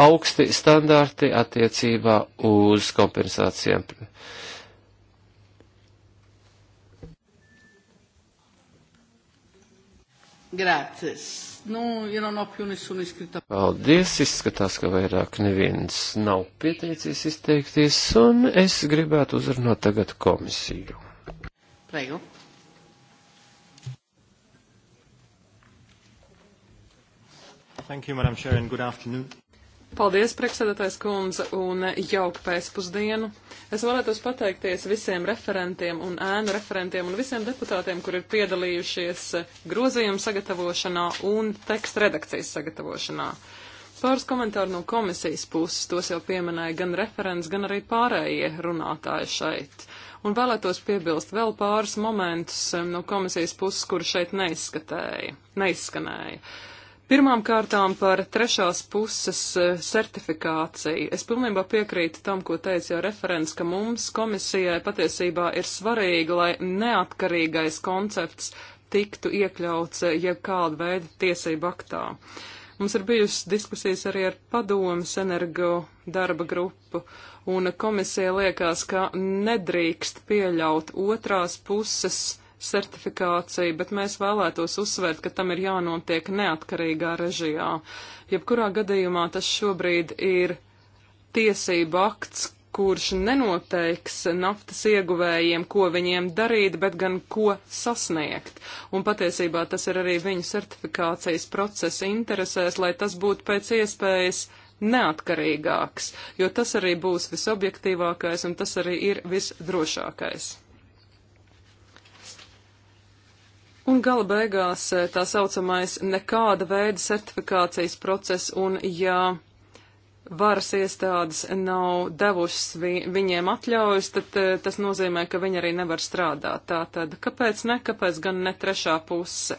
augsti standarti attiecībā uz kompensācijām. Grācis. Nu, ja nav più nessuno iscritto. Paldies, izskatās, ka vairāk neviens nav pieteicies izteikties, un es gribētu uzrunāt tagad komisiju. Prego. Thank you, Madam Chair, and good afternoon. Paldies, priekšsēdētājs kundze, un jauka pēcpusdienu. Es vēlētos pateikties visiem referentiem un ēnu referentiem un visiem deputātiem, kur ir piedalījušies grozījumu sagatavošanā un teksta redakcijas sagatavošanā. Pāris komentāru no komisijas puses, tos jau pieminēja gan referents, gan arī pārējie runātāji šeit. Un vēlētos piebilst vēl pāris momentus no komisijas puses, kur šeit neizskatēja, neizskanēja. neizskanēja. Pirmām kārtām par trešās puses eh, certifikāciju. Es pilnībā piekrītu tam, ko teica jau referents, ka mums komisijai patiesībā ir svarīgi, lai neatkarīgais koncepts tiktu iekļauts eh, jebkāda veida tiesību aktā. Mums ir bijusi diskusijas arī ar padomas energo darba grupu, un komisija liekas, ka nedrīkst pieļaut otrās puses certifikāciju, bet mēs vēlētos uzsvērt, ka tam ir jānotiek neatkarīgā režijā. Jebkurā gadījumā tas šobrīd ir tiesība akts, kurš nenoteiks naftas ieguvējiem, ko viņiem darīt, bet gan ko sasniegt. Un patiesībā tas ir arī viņu certifikācijas procesa interesēs, lai tas būtu pēc iespējas neatkarīgāks, jo tas arī būs visobjektīvākais un tas arī ir visdrošākais. Un gala beigās eh, tā saucamais nekāda veida certifikācijas process, un ja varas iestādes nav devušas vi viņiem atļaujas, tad eh, tas nozīmē, ka viņi arī nevar strādāt. Tātad, kāpēc ne, kāpēc gan ne trešā puse?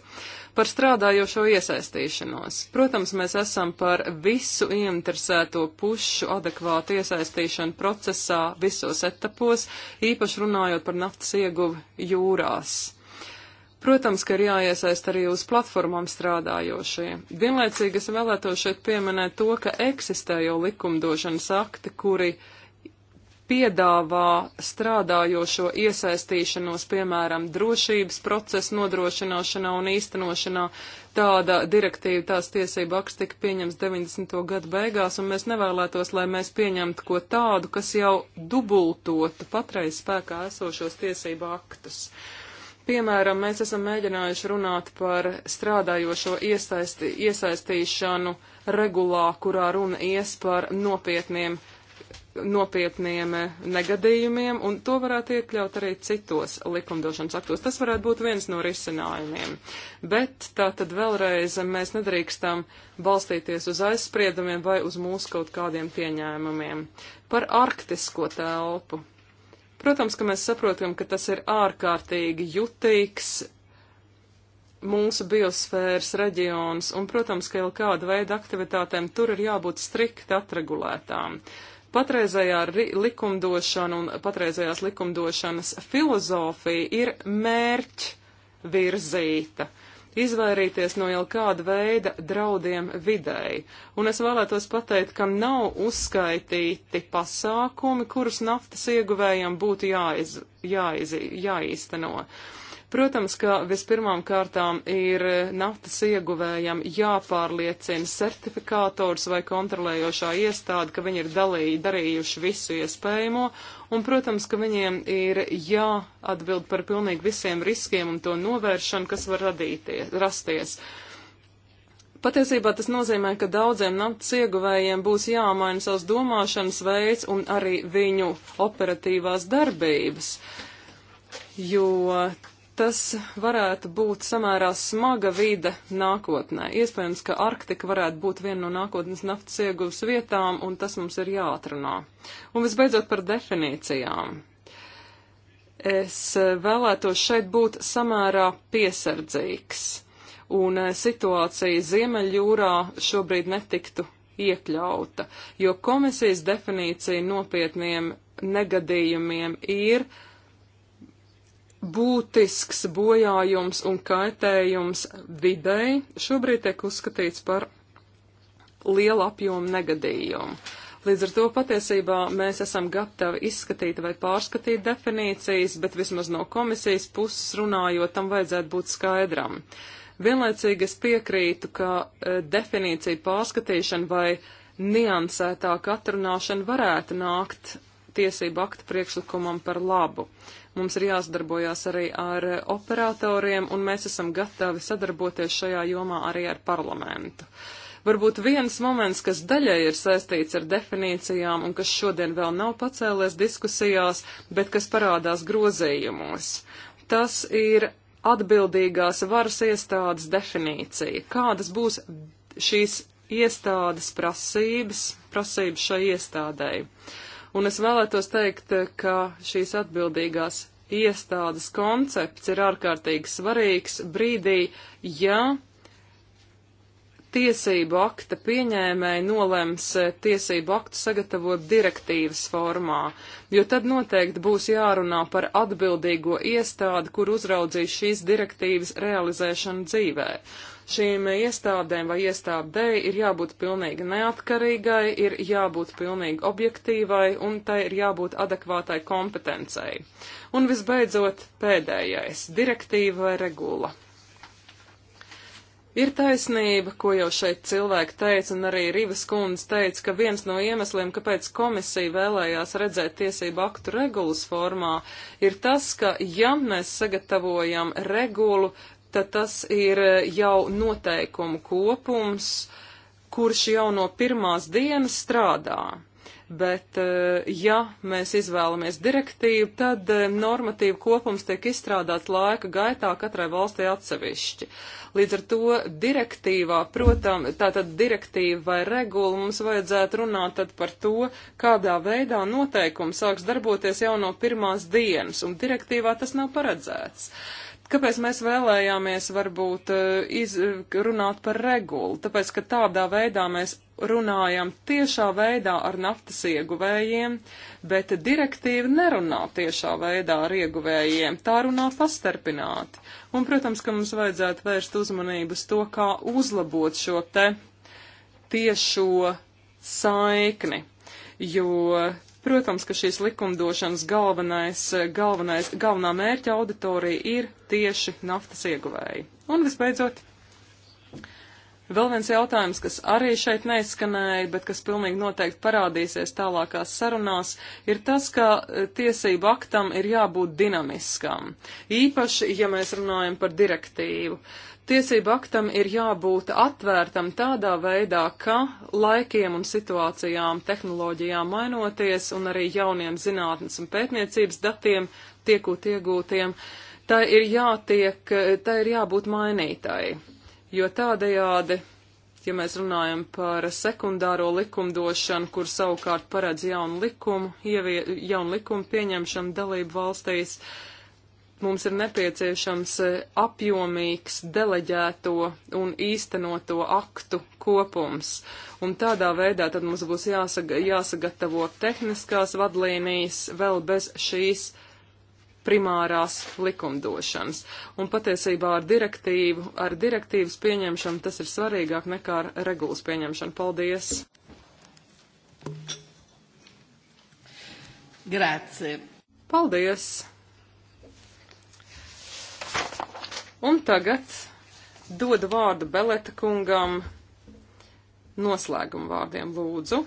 Par strādājošo iesaistīšanos. Protams, mēs esam par visu ieinteresēto pušu adekvātu iesaistīšanu procesā visos etapos, īpaši runājot par naftas ieguvi jūrās Protams, ka ir jāiesaist arī uz platformām strādājošie. Vienlaicīgi es vēlētos šeit pieminēt to, ka eksistē jau likumdošanas akti, kuri piedāvā strādājošo iesaistīšanos, piemēram, drošības procesa nodrošināšanā un īstenošanā. Tāda direktīva, tās tiesība akts tika pieņems 90. gadu beigās, un mēs nevēlētos, lai mēs pieņemtu ko tādu, kas jau dubultotu patreiz spēkā esošos tiesību aktus. Uh, Piemēram, mēs esam mēģinājuši runāt par strādājošo iesaisti, iesaistīšanu regulā, kurā runa ies par nopietniem, nopietniem eh, negadījumiem, un to varētu iekļaut arī citos likumdošanas aktos. Tas varētu būt viens no risinājumiem. Bet tā tad vēlreiz mēs nedrīkstam balstīties uz aizspriedumiem vai uz mūsu kaut kādiem pieņēmumiem. Par arktisko telpu Protams, ka mēs saprotam, ka tas ir ārkārtīgi jutīgs mūsu biosfēras reģions, un, protams, ka jau kāda veida aktivitātēm tur ir jābūt strikt atregulētām. Patreizējā likumdošana un patreizējās likumdošanas filozofija ir mērķ virzīta izvairīties no jau kāda veida draudiem videi. Un es vēlētos pateikt, ka nav uzskaitīti pasākumi, kurus naftas ieguvējiem būtu jāiz, jāiz, jāīsteno. Jāiz, Protams, ka vispirmām kārtām ir naftas ieguvējam jāpārliecina certifikātors vai kontrolējošā iestāde, ka viņi ir dalīju, darījuši visu iespējamo, un, protams, ka viņiem ir jāatbild par pilnīgi visiem riskiem un to novēršanu, kas var radīties, rasties. Patiesībā tas nozīmē, ka daudziem naftas ieguvējiem būs jāmaina savs domāšanas veids un arī viņu operatīvās darbības, jo tas varētu būt samērā smaga vide nākotnē. Iespējams, ka Arktika varētu būt viena no nākotnes naftas ieguves vietām, un tas mums ir jāatrunā. Un visbeidzot par definīcijām. Es vēlētos šeit būt samērā piesardzīgs, un eh, situācija Ziemeļjūrā šobrīd netiktu iekļauta, jo komisijas definīcija nopietniem negadījumiem ir būtisks bojājums un kaitējums videi šobrīd tiek uzskatīts par lielu apjomu negadījumu. Līdz ar to patiesībā mēs esam gatavi izskatīt vai pārskatīt definīcijas, bet vismaz no komisijas puses runājot, tam vajadzētu būt skaidram. Vienlaicīgi es piekrītu, ka e, definīcija pārskatīšana vai niansētāka atrunāšana varētu nākt tiesību aktu priekšlikumam par labu. Uh, Mums ir jāsadarbojās arī ar operatoriem, un mēs esam gatavi sadarboties šajā jomā arī ar parlamentu. Varbūt viens moments, kas daļai ir saistīts ar definīcijām un kas šodien vēl nav pacēlies diskusijās, bet kas parādās grozījumos. Tas ir atbildīgās varas iestādes definīcija. Kādas būs šīs iestādes prasības, prasības šai iestādēji? Un es vēlētos teikt, ka šīs atbildīgās iestādes koncepts ir ārkārtīgi svarīgs brīdī, ja tiesību akta pieņēmēji nolems eh, tiesību aktu sagatavot direktīvas formā, jo tad noteikti būs jārunā par atbildīgo iestādi, kur uzraudzīs šīs direktīvas realizēšanu dzīvē. Šīm iestādēm vai iestādēji ir jābūt pilnīgi neatkarīgai, ir jābūt pilnīgi objektīvai un tai ir jābūt adekvātai kompetencei. Un visbeidzot, pēdējais - direktīva vai regula. Ir taisnība, ko jau šeit cilvēki teica, un arī Rivas kundze teica, ka viens no iemesliem, kāpēc komisija vēlējās redzēt tiesību aktu regulas formā, ir tas, ka ja mēs sagatavojam regulu, tad tas ir eh, jau noteikumu kopums, kurš jau no pirmās dienas strādā. Bet, eh, ja mēs izvēlamies direktīvu, tad eh, normatīvu kopums tiek izstrādāts laika gaitā katrai valstī atsevišķi. Līdz ar to direktīvā, protams, tātad direktīva vai regula mums vajadzētu runāt tad par to, kādā veidā noteikums sāks darboties jau no pirmās dienas, un direktīvā tas nav paredzēts. Uh, Kāpēc mēs vēlējāmies varbūt eh, runāt par regulu? Tāpēc, ka tādā veidā mēs runājam tiešā veidā ar naftas ieguvējiem, bet direktīva nerunā tiešā veidā ar ieguvējiem, tā runā pastarpināti. Un, protams, ka mums vajadzētu vērst uzmanību uz to, kā uzlabot šo te tiešo saikni, jo Protams, ka šīs likumdošanas galvenais, galvenais, galvenā mērķa auditorija ir tieši naftas ieguvēji. Un visbeidzot, vēl viens jautājums, kas arī šeit neizskanēja, bet kas pilnīgi noteikti parādīsies tālākās sarunās, ir tas, ka e, tiesību aktam ir jābūt dinamiskam. Īpaši, ja mēs runājam par direktīvu. Uh, Tiesību aktam ir jābūt atvērtam tādā veidā, ka laikiem un situācijām, tehnoloģijām mainoties un arī jauniem zinātnes un pētniecības datiem tiekot iegūtiem, tā ir jātiek, tā ir jābūt mainītai. Jo tādējādi, ja mēs runājam par sekundāro likumdošanu, kur savukārt paredz jaunu likumu, ievie, jaunu likumu pieņemšanu dalību valstīs, uh, Mums ir nepieciešams eh, apjomīgs deleģēto un īstenoto aktu kopums. Un tādā veidā tad mums būs jāsaga, jāsagatavo tehniskās vadlīnijas vēl bez šīs primārās likumdošanas. Un patiesībā ar direktīvu, ar direktīvas pieņemšanu tas ir svarīgāk nekā ar regulas pieņemšanu. Paldies! Grācie! Paldies! Un tagad dodu vārdu Beleta kungam noslēguma vārdiem lūdzu.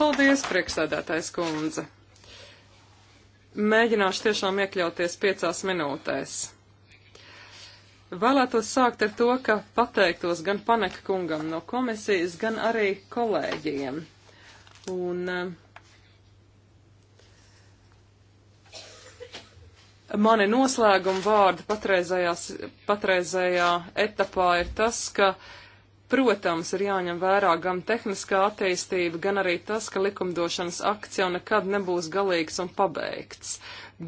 Paldies, priekšsēdētājs kundze. Mēģināšu tiešām iekļauties piecās minūtēs. Vēlētos sākt ar to, ka pateiktos gan Paneka kungam no komisijas, gan arī kolēģiem. Un uh, Mani noslēguma vārdi patreizējā etapā ir tas, ka, protams, ir jāņem vērā gan tehniskā attīstība, gan arī tas, ka likumdošanas akts jau nekad nebūs galīgs un pabeigts.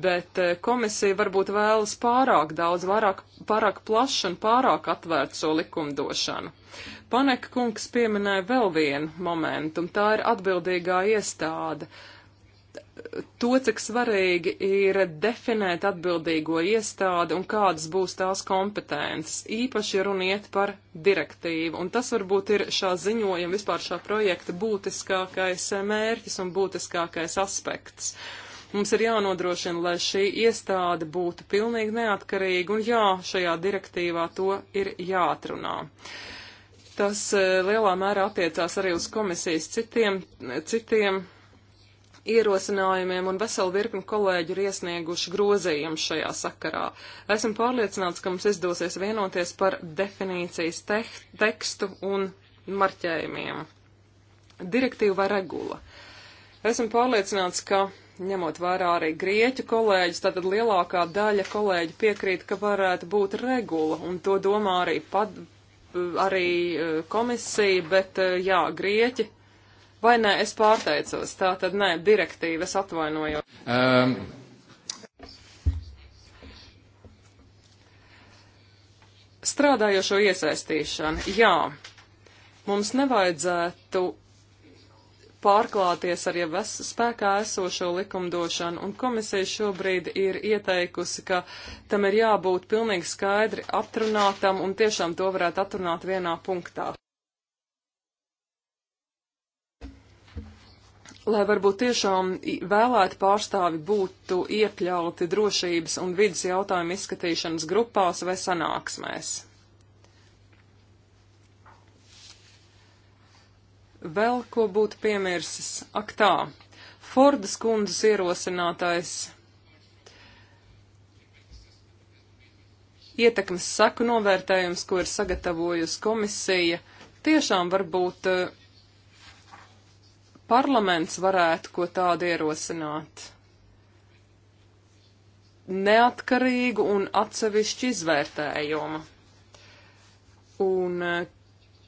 Bet eh, komisija varbūt vēlas pārāk daudz, vairāk, pārāk plašu un pārāk atvērtu šo likumdošanu. Paneka kungs pieminēja vēl vienu momentu, un tā ir atbildīgā iestāde. Uh, to, cik svarīgi ir definēt atbildīgo iestādi un kādas būs tās kompetences, īpaši runa iet par direktīvu. Un tas varbūt ir šā ziņojuma, vispār šā projekta būtiskākais mērķis un būtiskākais aspekts. Mums ir jānodrošina, lai šī iestāde būtu pilnīgi neatkarīga, un jā, šajā direktīvā to ir jāatrunā. Tas eh, lielā mērā attiecās arī uz komisijas citiem, citiem ierosinājumiem, un veseli virkni kolēģi ir iesnieguši grozījumus šajā sakarā. Esmu pārliecināts, ka mums izdosies vienoties par definīcijas te tekstu un marķējumiem. Direktīva vai regula? Esmu pārliecināts, ka ņemot vērā arī grieķu kolēģis, tātad lielākā daļa kolēģi piekrīt, ka varētu būt regula, un to domā arī, pad, arī eh, komisija, bet eh, jā, grieķi Vai nē, es pārteicos. Tā tad nē, direktīvas atvainojot. Um. Strādājošo iesaistīšana. Jā, mums nevajadzētu pārklāties ar jau es, spēkā esošo likumdošanu, un komisija šobrīd ir ieteikusi, ka tam ir jābūt pilnīgi skaidri atrunātam, un tiešām to varētu atrunāt vienā punktā. lai varbūt tiešām vēlēti pārstāvi būtu iekļauti drošības un vidas jautājumu izskatīšanas grupās vai sanāksmēs. Vēl ko būtu piemirsis? Ak tā, Fordas kundzes ierosinātais ietekmes saku novērtējums, ko ir sagatavojusi komisija, tiešām varbūt uh, parlaments varētu ko tādu ierosināt. Neatkarīgu un atsevišķu izvērtējumu. Un, eh,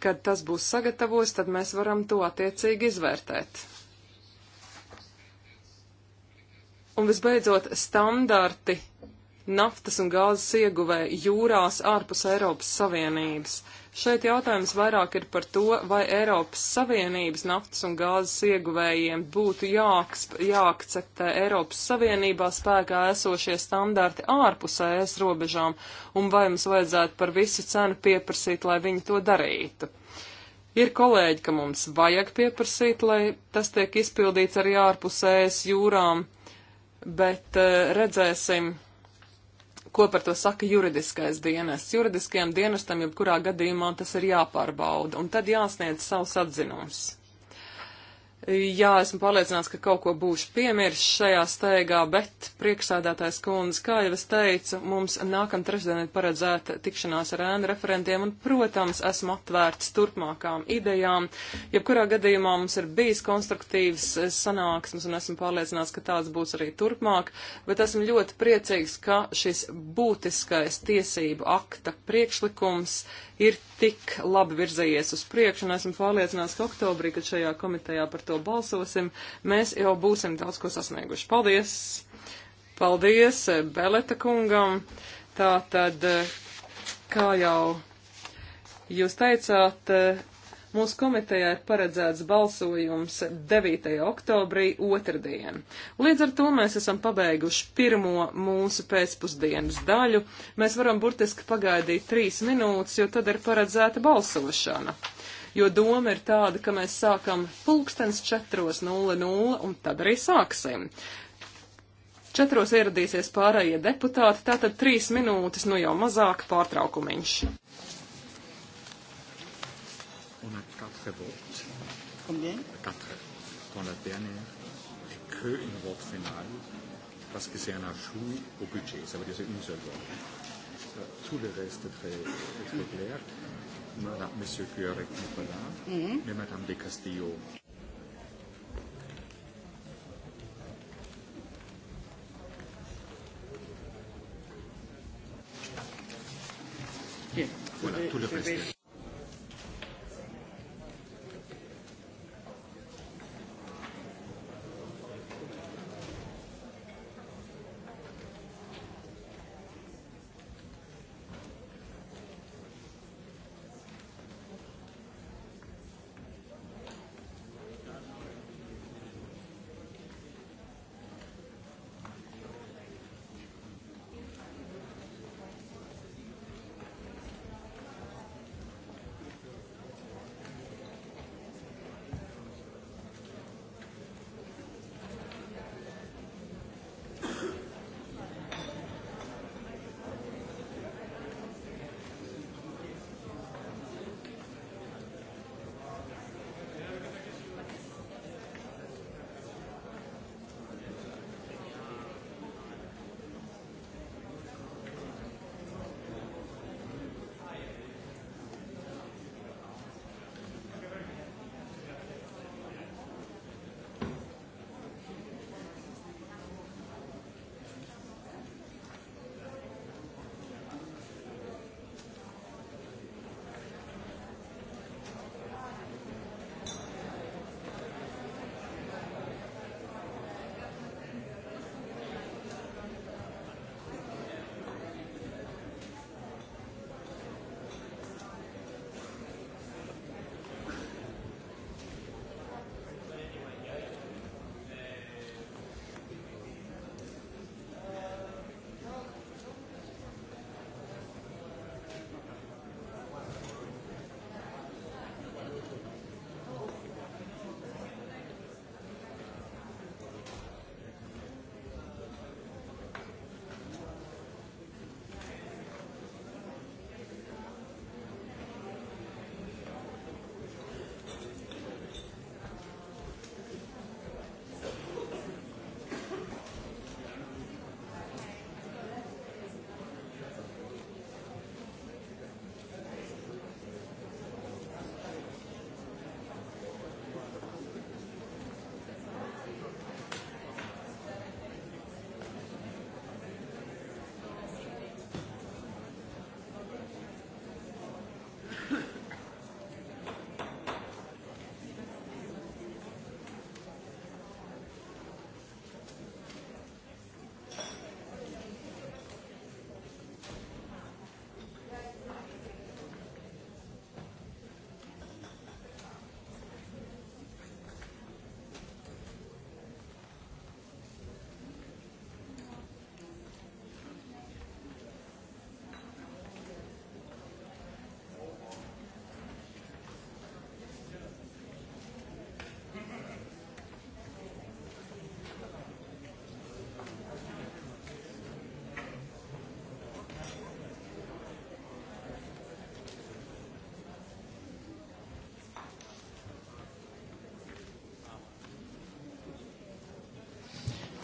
kad tas būs sagatavos, tad mēs varam to attiecīgi izvērtēt. Un visbeidzot, standarti naftas un gāzes ieguvēja jūrās ārpus Eiropas Savienības. Uh, Šeit jautājums vairāk ir par to, vai Eiropas Savienības naftas un gāzes ieguvējiem būtu jāaksp, jāakceptē Eiropas Savienībā spēkā esošie standarti ārpus ES robežām, un vai mums vajadzētu par visu cenu pieprasīt, lai viņi to darītu. Ir kolēģi, ka mums vajag pieprasīt, lai tas tiek izpildīts arī ārpus ES jūrām, bet uh, redzēsim, ko par to saka juridiskais dienests. Juridiskajam dienestam jebkurā gadījumā tas ir jāpārbauda, un tad jāsniedz savs atzinums. Jā, esmu pārliecināts, ka kaut ko būšu piemirst šajā steigā, bet priekšsēdētājs kundze, kā jau es teicu, mums nākam trešdien ir paredzēta tikšanās ar ēnu referentiem un, protams, esmu atvērts turpmākām idejām. Jebkurā gadījumā mums ir bijis konstruktīvs eh, sanāksmes un esmu pārliecināts, ka tāds būs arī turpmāk, bet esmu ļoti priecīgs, ka šis būtiskais tiesību akta priekšlikums ir tik labi virzījies uz priekšu, un esmu pārliecināts, ka oktobrī, kad šajā komitejā par to balsosim, mēs jau būsim daudz ko sasnieguši. Paldies! Paldies eh, Beleta kungam! Tā tad, eh, kā jau jūs teicāt, eh, Mūsu komitejā ir paredzēts balsojums 9. oktobrī otrdien. Līdz ar to mēs esam pabeiguši pirmo mūsu pēcpusdienas daļu. Mēs varam burtiski pagaidīt trīs minūtes, jo tad ir paredzēta balsošana jo doma ir tāda, ka mēs sākam pulkstens 4.00 un tad arī sāksim. Četros ieradīsies pārējie deputāti, tātad trīs minūtes, nu jau mazāk pārtraukumiņš. quatre votes. Combien euh, Quatre, dont la dernière est que une vote finale, parce que c'est un ajout au budget, ça veut dire c'est une seule vote. Tout le reste est très, très clair. Madame, Monsieur Cuirec n'est pas là, mm -hmm. mais Madame de Castillo Bien. Voilà, tout le reste.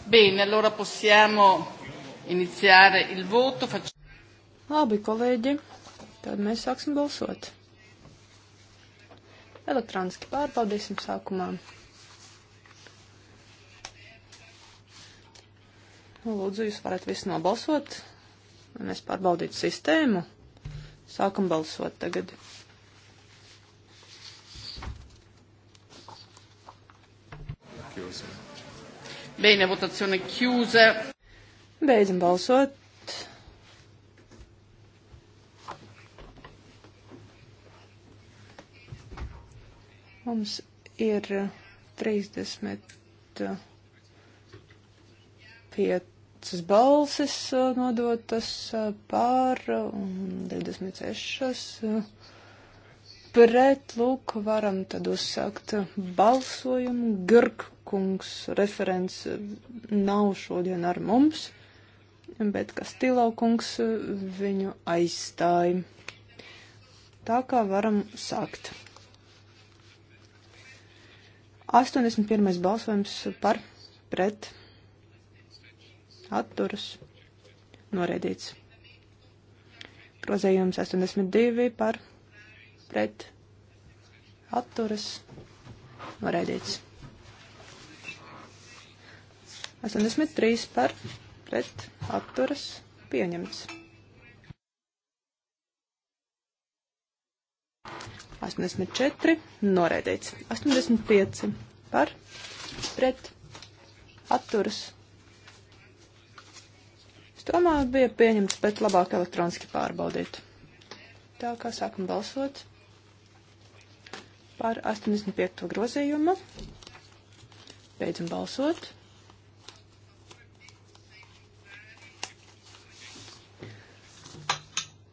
Bene, allora possiamo iniziare il voto. Fac... Labi, kolēģi, tad mēs sāksim balsot. Elektroniski pārbaudīsim sākumā. Nu, lūdzu, jūs varat visi nobalsot, un es pārbaudītu sistēmu. Sākam balsot tagad. Bene, votazione chiusa. Beidzam balsot. Mums ir 35 balsis uh, nodotas uh, pār un 26 uh, pret. Lūk, varam tad uzsākt balsojumu. Grk kungs, referents, nav šodien ar mums, bet Kastīlau kungs viņu aizstāja. Tā kā varam sākt. 81. balsojums par pret atturas noraidīts. Grozējums 82 par pret atturas noraidīts. 83 par pret atturas pieņemts. 84 noraidīts. 85 par pret atturas. Es domāju, bija pieņemts, bet labāk elektroniski pārbaudīt. Tā kā sākam balsot par 85. grozījumu. Beidzam balsot.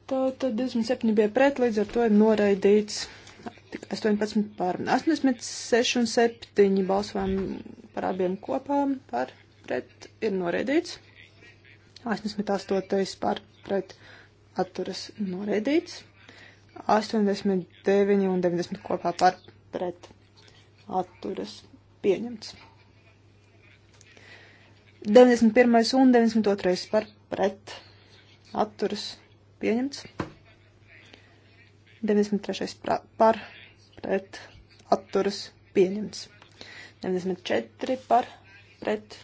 Tātad 27 bija pret, līdz ar to ir noraidīts. Tik 18 par 86 un 7 balsojām par abiem kopā, par pret ir noraidīts. 88 par pret atturas noraidīts. 89 un 90 kopā par pret atturas pieņemts. 91 un 92 par pret atturas pieņemts pieņemts. 93. par pret atturas pieņemts. 94 par pret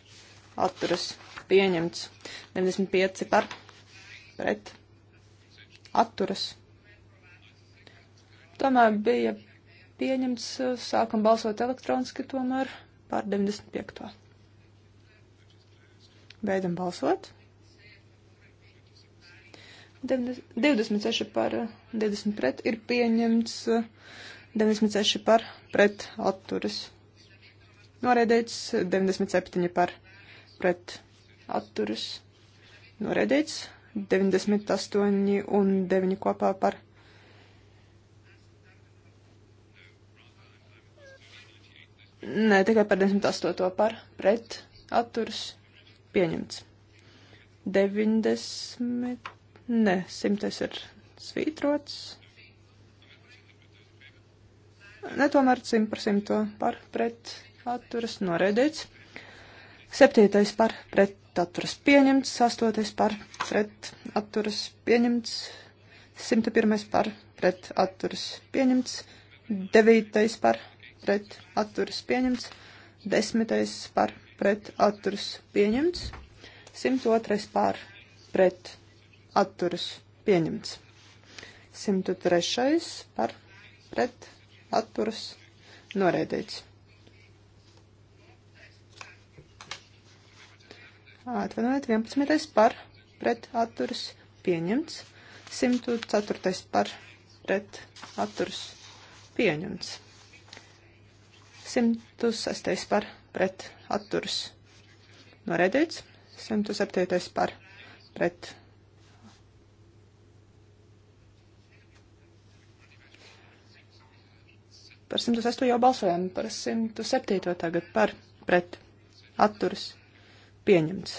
atturas pieņemts. 95 par pret atturas. Tomēr bija pieņemts, sākam balsot elektroniski tomēr par 95. Beidzam balsot. 96 par 20 eh, pret ir pieņemts, 96 eh, par pret atturas. Noraidīts 97 par pret atturas. Noraidīts 98 un 9 kopā par. Nē, tikai par 98 par pret atturas pieņemts. 90. Nē, simtais ir svītrots. Ne tomēr simt par simto par pret atturas noraidīts. Septītais par pret atturas pieņemts. Astotais par pret atturas pieņemts. 101. par pret atturas pieņemts, 9. par pret atturas pieņemts, 10. par pret atturas pieņemts, 102. par pret atturas pieņemts. 103. par pret atturas noraidīts. Atvainojiet, 11. par pret atturas pieņemts. 104. par pret atturas pieņemts. 106. par pret atturas noraidīts. 107. par pret Par 106 jau balsojām, par 107 tagad par pret atturas pieņemts.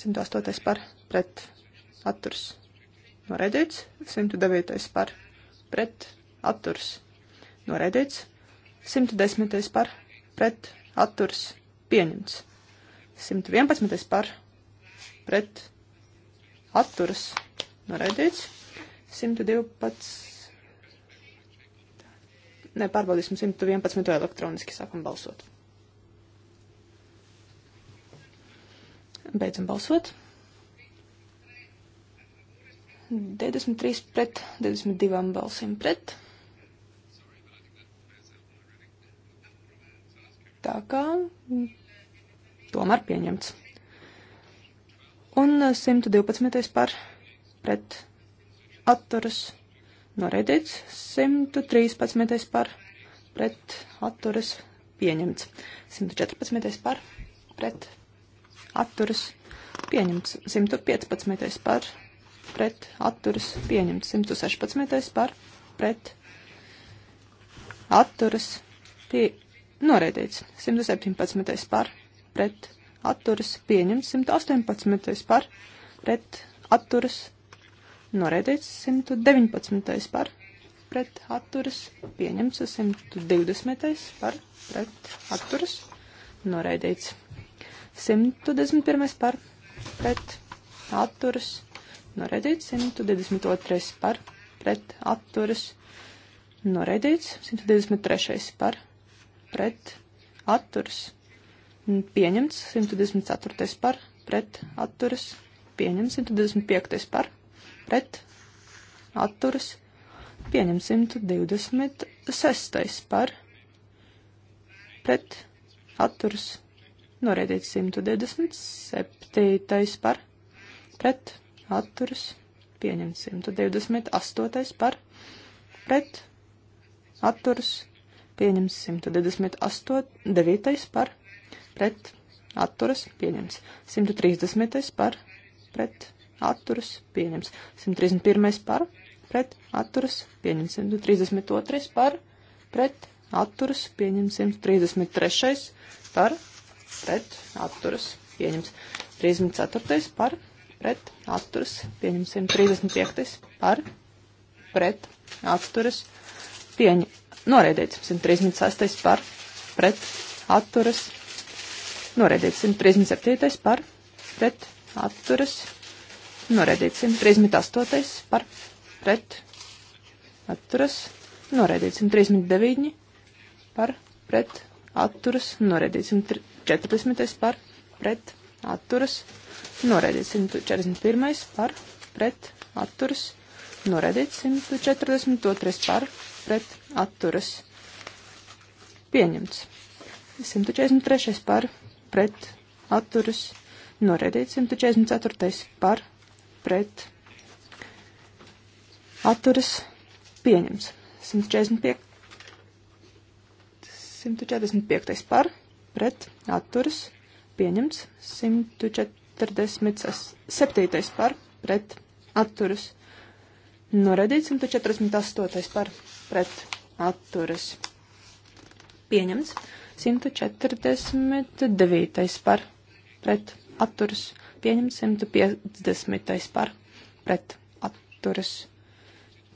108 par pret atturas noraidīts, 109 par pret atturas noraidīts, 110 par pret atturas pieņemts, 111 par pret atturas noraidīts, 112 Nē, pārbaudīsim 111. elektroniski sākam balsot. Beidzam balsot. 93 pret, 22 balsīm pret. Tā kā tomēr pieņemts. Un 112 par pret atturas. Noraidīts 113. par pret atturas pieņemts. 114. par pret atturas pieņemts. 115. par pret atturas pieņemts. 116. par pret atturas pie... noraidīts. 117. par pret atturas pieņemts. 118. par pret atturas pieņemts Noraidīts 119. par pret atturas. Pieņemts 120. par pret atturas. Noraidīts 121. par pret atturas. Noraidīts 122. par pret atturas. Noraidīts 123. par pret atturas. Pieņemts 124. par pret atturas. Pieņemts 125. par pret atturas pieņem 126 par pret atturas norēdīt 127 par pret atturas pieņem 128 par pret atturas pieņem 129 par pret atturas pieņems 130 par pret atturas pieņems. 131. par pret atturas pieņems. 132. par pret atturas pieņems. 133. par pret atturas pieņems. 34. par pret atturas pieņems. 135. par pret atturas pieņems. Noreidīts 136. par pret atturas. Noreidīts 137. par pret atturas Noraidīts 138. par pret atturas. Noraidīts 139. par pret atturas. Noraidīts 140. par pret atturas. Noraidīts 141. par pret atturas. Noraidīts 142. par pret atturas. Pieņemts. 143. par pret atturas. Noraidīts 144. par pret atturas pret atturas pieņems. 145. 145. par pret atturas pieņems. 147. par pret atturas noraidīts. 148. par pret atturas pieņems. 149. par pret atturas pieņems pieņemts 150. par pret atturas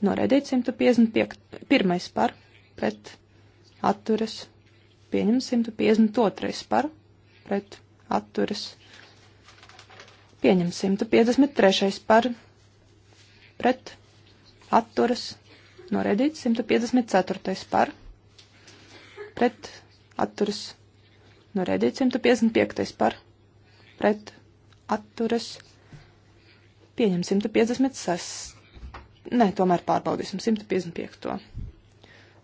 noraidīts 151. par pret atturas pieņemts 152. par pret atturas pieņemts 153. par pret atturas noraidīts 154. par pret atturas noraidīts 155. par pret atturas atturas. Pieņem 156. Nē, tomēr pārbaudīsim 155. To.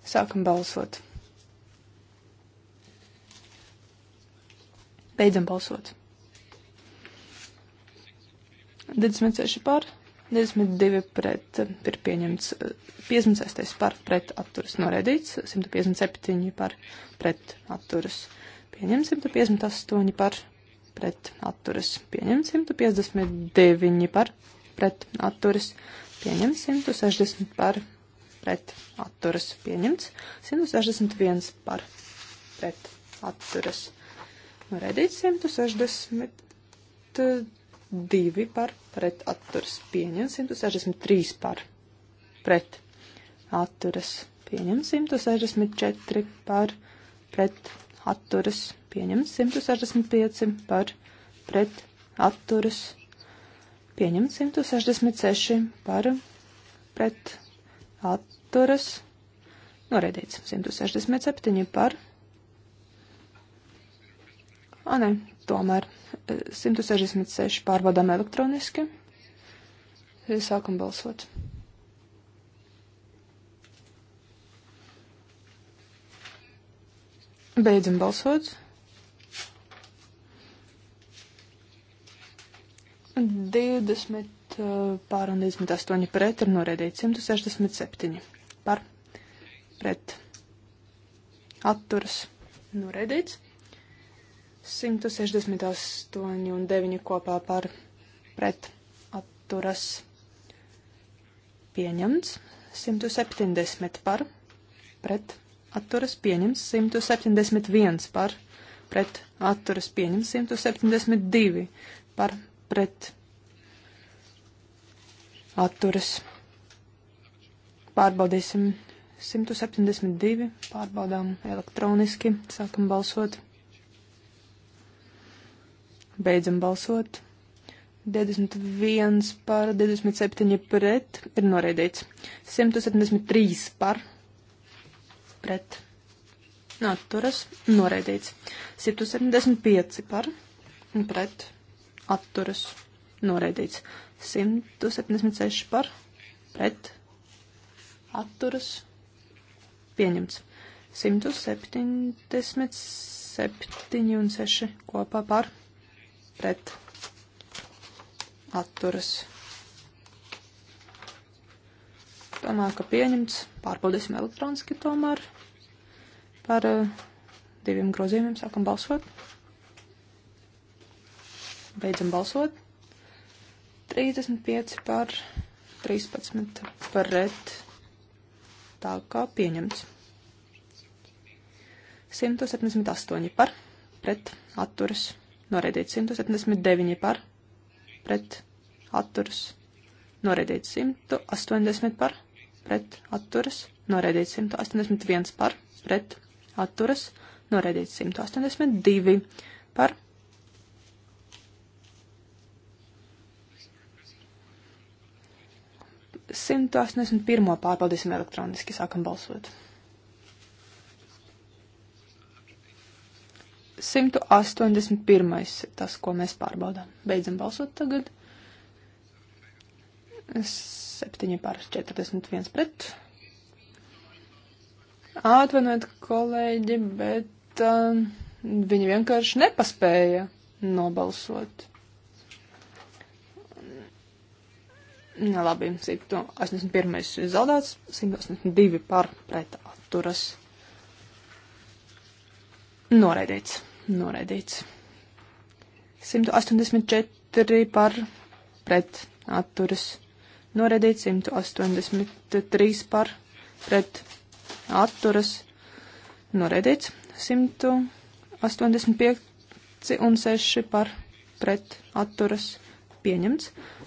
Sākam balsot. Beidzam balsot. 26 par, 22 pret, ir pieņemts 56 par pret atturas norēdīts, 157 par pret atturas pieņemts, 158 par pret atturas pieņemts 159 par pret atturas pieņemts 160 par pret atturas pieņemts 161 par pret atturas nu, redīts 162 par pret atturas pieņemts 163 par pret atturas pieņemts 164 par pret atturas pieņemts pieņemts 165 par pret atturas, pieņemts 166 par pret atturas, noraidīts 167 par. A, ne, tomēr 166 e, pārbaudām elektroniski. Sākam balsot. Beidzam balsot. 20 eh, pār un 28 pret ir noraidīts 167 par pret atturas noraidīts 168 un 9 kopā par pret atturas pieņemts 170 par pret atturas pieņemts 171 par pret atturas pieņemts 172 par pret atturas. Pārbaudīsim 172, pārbaudām elektroniski, sākam balsot. Beidzam balsot. 21 par 27 pret ir noraidīts. 173 par pret atturas noraidīts. 175 par pret atturas noraidīts. 176 par pret atturas pieņemts. 177 un 6 kopā par pret atturas. Domāju, ka pieņemts. Pārbaudīsim elektroniski tomēr par uh, diviem grozījumiem. Sākam balsot. Beidzam balsot. 35 par 13 par ret. Tā kā pieņemts. 178 par pret atturas. Noreidīt 179 par pret atturas. Noreidīt 180 par pret atturas. Noreidīt 181 par pret atturas. Noreidīt 182 par pret atturas 181. pārbaudīsim elektroniski, sākam balsot. 181. tas, ko mēs pārbaudām. Beidzam balsot tagad. 7 pār 41 pret. Atvainojiet, kolēģi, bet uh, viņi vienkārši nepaspēja nobalsot. Mm, labi, 181 ir zaudēts, 182 par pret atturas. Noraidīts, noraidīts. 184 par pret atturas. Noraidīts 183 par pret atturas. Noraidīts 185 un 6 par pret atturas. Pieņemts.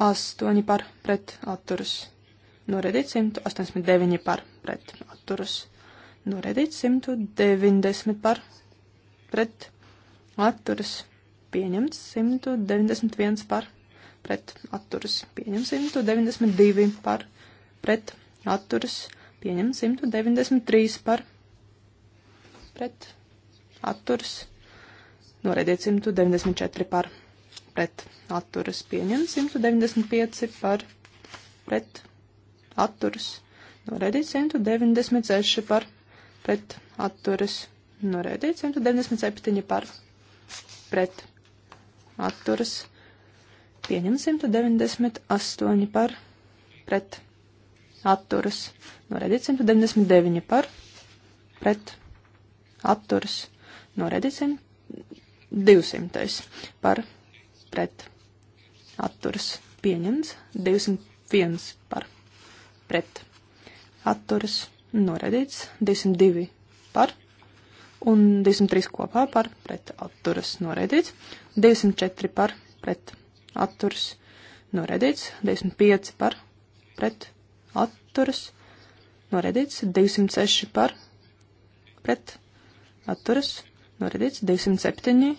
8 par pret atturas noraidīts, 189 par pret atturas noraidīts, 190 par pret atturas pieņemts, 191 par pret atturas pieņemts, 192 par pret atturas pieņemts, 193 par pret atturas noraidīts, 194 par pret pret atturas pieņemts, 195 par pret atturas noraidīts, 196 par pret atturas noraidīts, 197 par pret atturas pieņemts, 198 par pret atturas noraidīts, 199 par pret atturas noraidīts, 200 par pret pret atturas pieņemts, 201 par pret atturas noraidīts, 202 par un 203 kopā par pret atturas noraidīts, 204 par pret atturas noraidīts, 205 par pret atturas noraidīts, 206 par pret atturas noraidīts, 207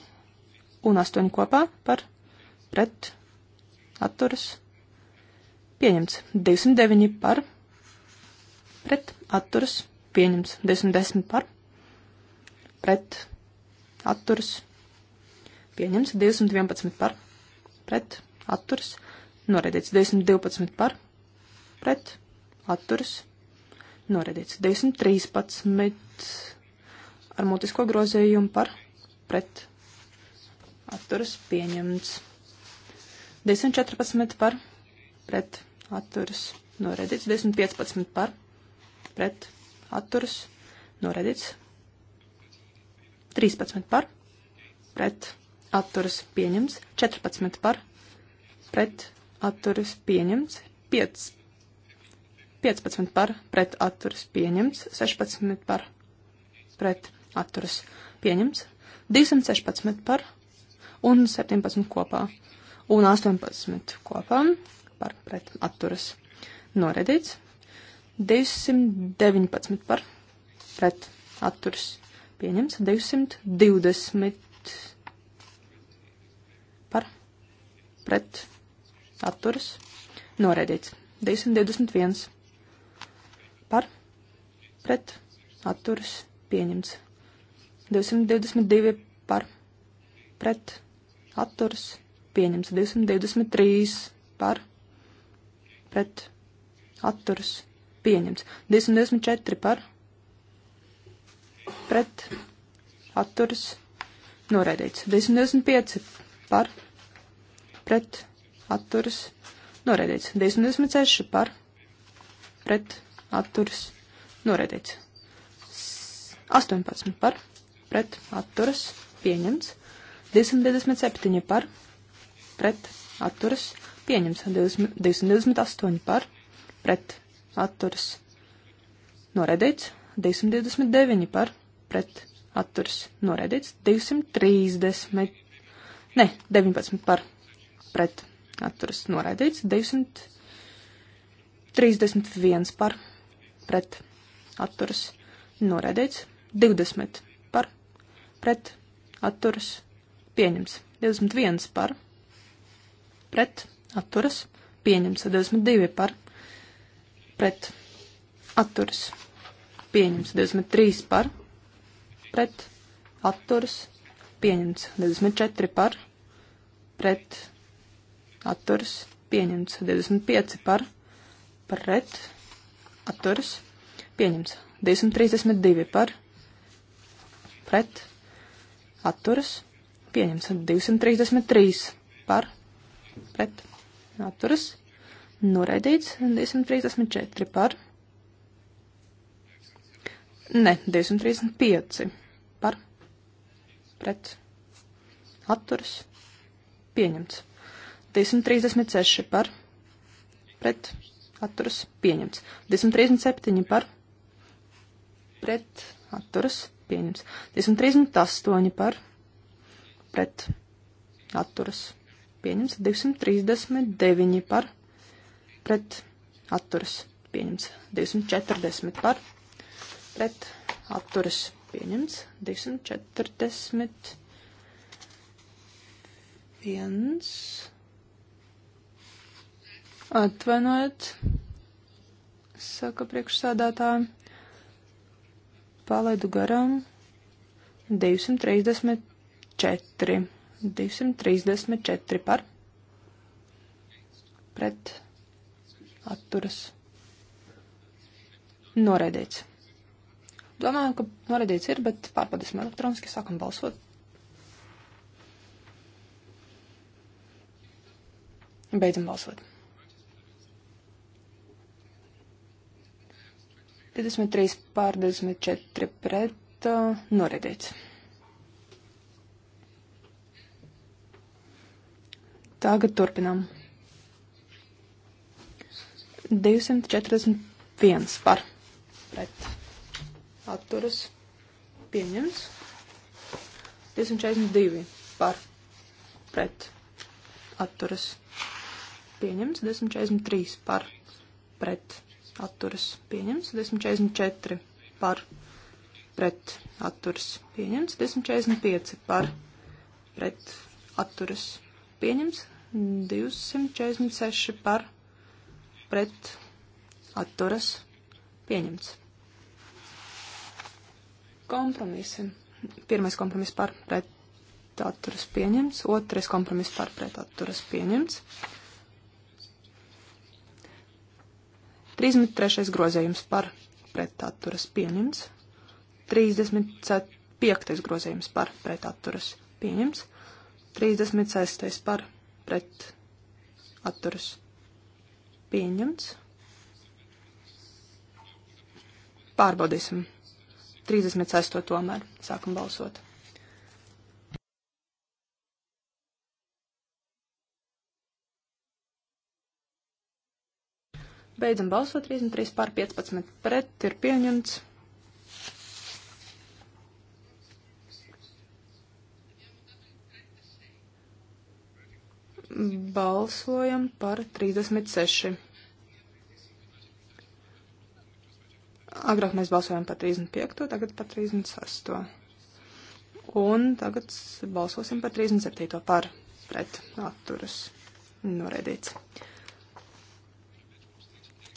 un 8 kopā par pret pret, atturas, pieņemts. 209 par, pret, atturas, pieņemts. 210 par, pret, atturas, pieņemts. 211 par, pret, atturas, noraidīts. 212 par, pret, atturas, noraidīts. 213 ar mutisko grozējumu par, pret, atturas, pieņemts. 214 par pret atturas noredīts, 215 par pret atturas noredīts, 13 par pret atturas pieņems, 14 par pret atturas pieņems, 5, 15 par pret atturas pieņems, 16 par pret atturas pieņems, 216 par un 17 kopā un 18 kopā par pret atturas noredīts, 219 par pret atturas pieņemts, 220 par pret atturas noredīts, 221 par pret atturas pieņemts, 222 par pret atturas noredīts pieņemts 223 par pret atturas pieņemts 224 par pret atturas noraidīts 225 par pret atturas noraidīts 226 par pret atturas noraidīts 18 par pret atturas pieņemts 227 par pret pret atturas pieņems 228 par pret atturas noredīts 229 par pret atturas noredīts 230 ne 19 par pret atturas noredīts 231 par pret atturas noredīts 20 par pret atturas pieņems 21 par pret, atturas, pieņems. 22 par, pret, atturas, pieņems. 23 par, pret, atturas, pieņems. 24 par, pret, atturas, pieņems. 25 par, pret, atturas, pieņems. 232 par, pret, atturas, pieņems. 233 par, pret pret atturas noraidīts. 234 par. Ne, 235 par pret atturas pieņemts. 236 par pret atturas pieņemts. 237 par pret atturas pieņemts. 238 par pret atturas pieņemts pieņems 239 par pret atturas pieņems 240 par pret atturas pieņems 241 atvainojiet, saka priekšsādātāja, palaidu garām 234. 234 par pret atturas noraidīts. Domāju, ka noraidīts ir, bet pārbaudīsim elektroniski, sākam balsot. Beidzam balsot. 23 pār 24 pret uh, noraidīts. Tagad turpinām. 241 par pret atturas pieņems. 242 par pret atturas pieņems. 243 par pret atturas pieņems. 244 par pret atturas pieņems. 245 par pret atturas pieņems. 246 par pret atturas pieņemts. Kompromisi. Pirmais kompromiss par pret atturas pieņemts, otrais kompromiss par pret atturas pieņemts. 33. grozējums par pret atturas pieņemts. 35. grozējums par pret atturas pieņemts. 36. par pret atturas pieņemts. Pārbaudīsim. 36. tomēr. Sākam balsot. Beidzam balsot 33 pār 15 pret ir pieņemts. balsojam par 36. Agrāk mēs balsojām par 35, tagad par 36. Un tagad balsosim par 37. par pret atturas noraidīts.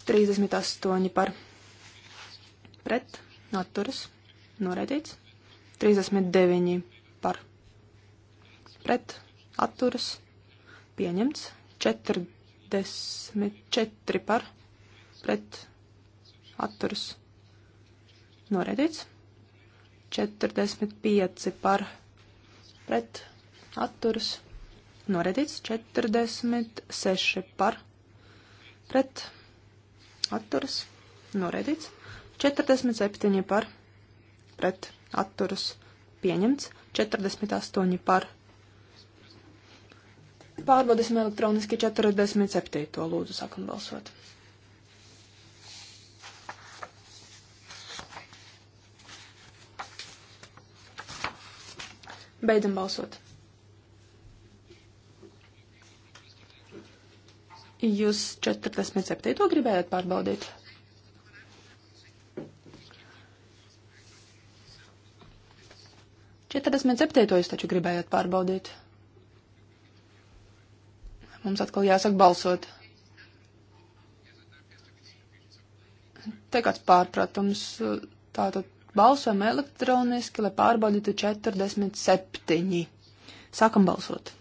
38 par pret atturas noraidīts. 39 par pret atturas noraidīts pieņemts. 44 par pret atturas noredīts. 45 par pret atturas noredīts. 46 par pret atturas noredīts. 47 par pret atturas pieņemts. 48 par Pārbaudīsim elektroniski 47. Lūdzu, sākam balsot. Beidzam balsot. Jūs 47. gribējāt pārbaudīt? Četrdesmit septīto jūs taču gribējāt pārbaudīt. Mums atkal jāsāk balsot. Te kāds pārpratums. Tātad balsojam elektroniski, lai pārbaudītu 47. Sākam balsot.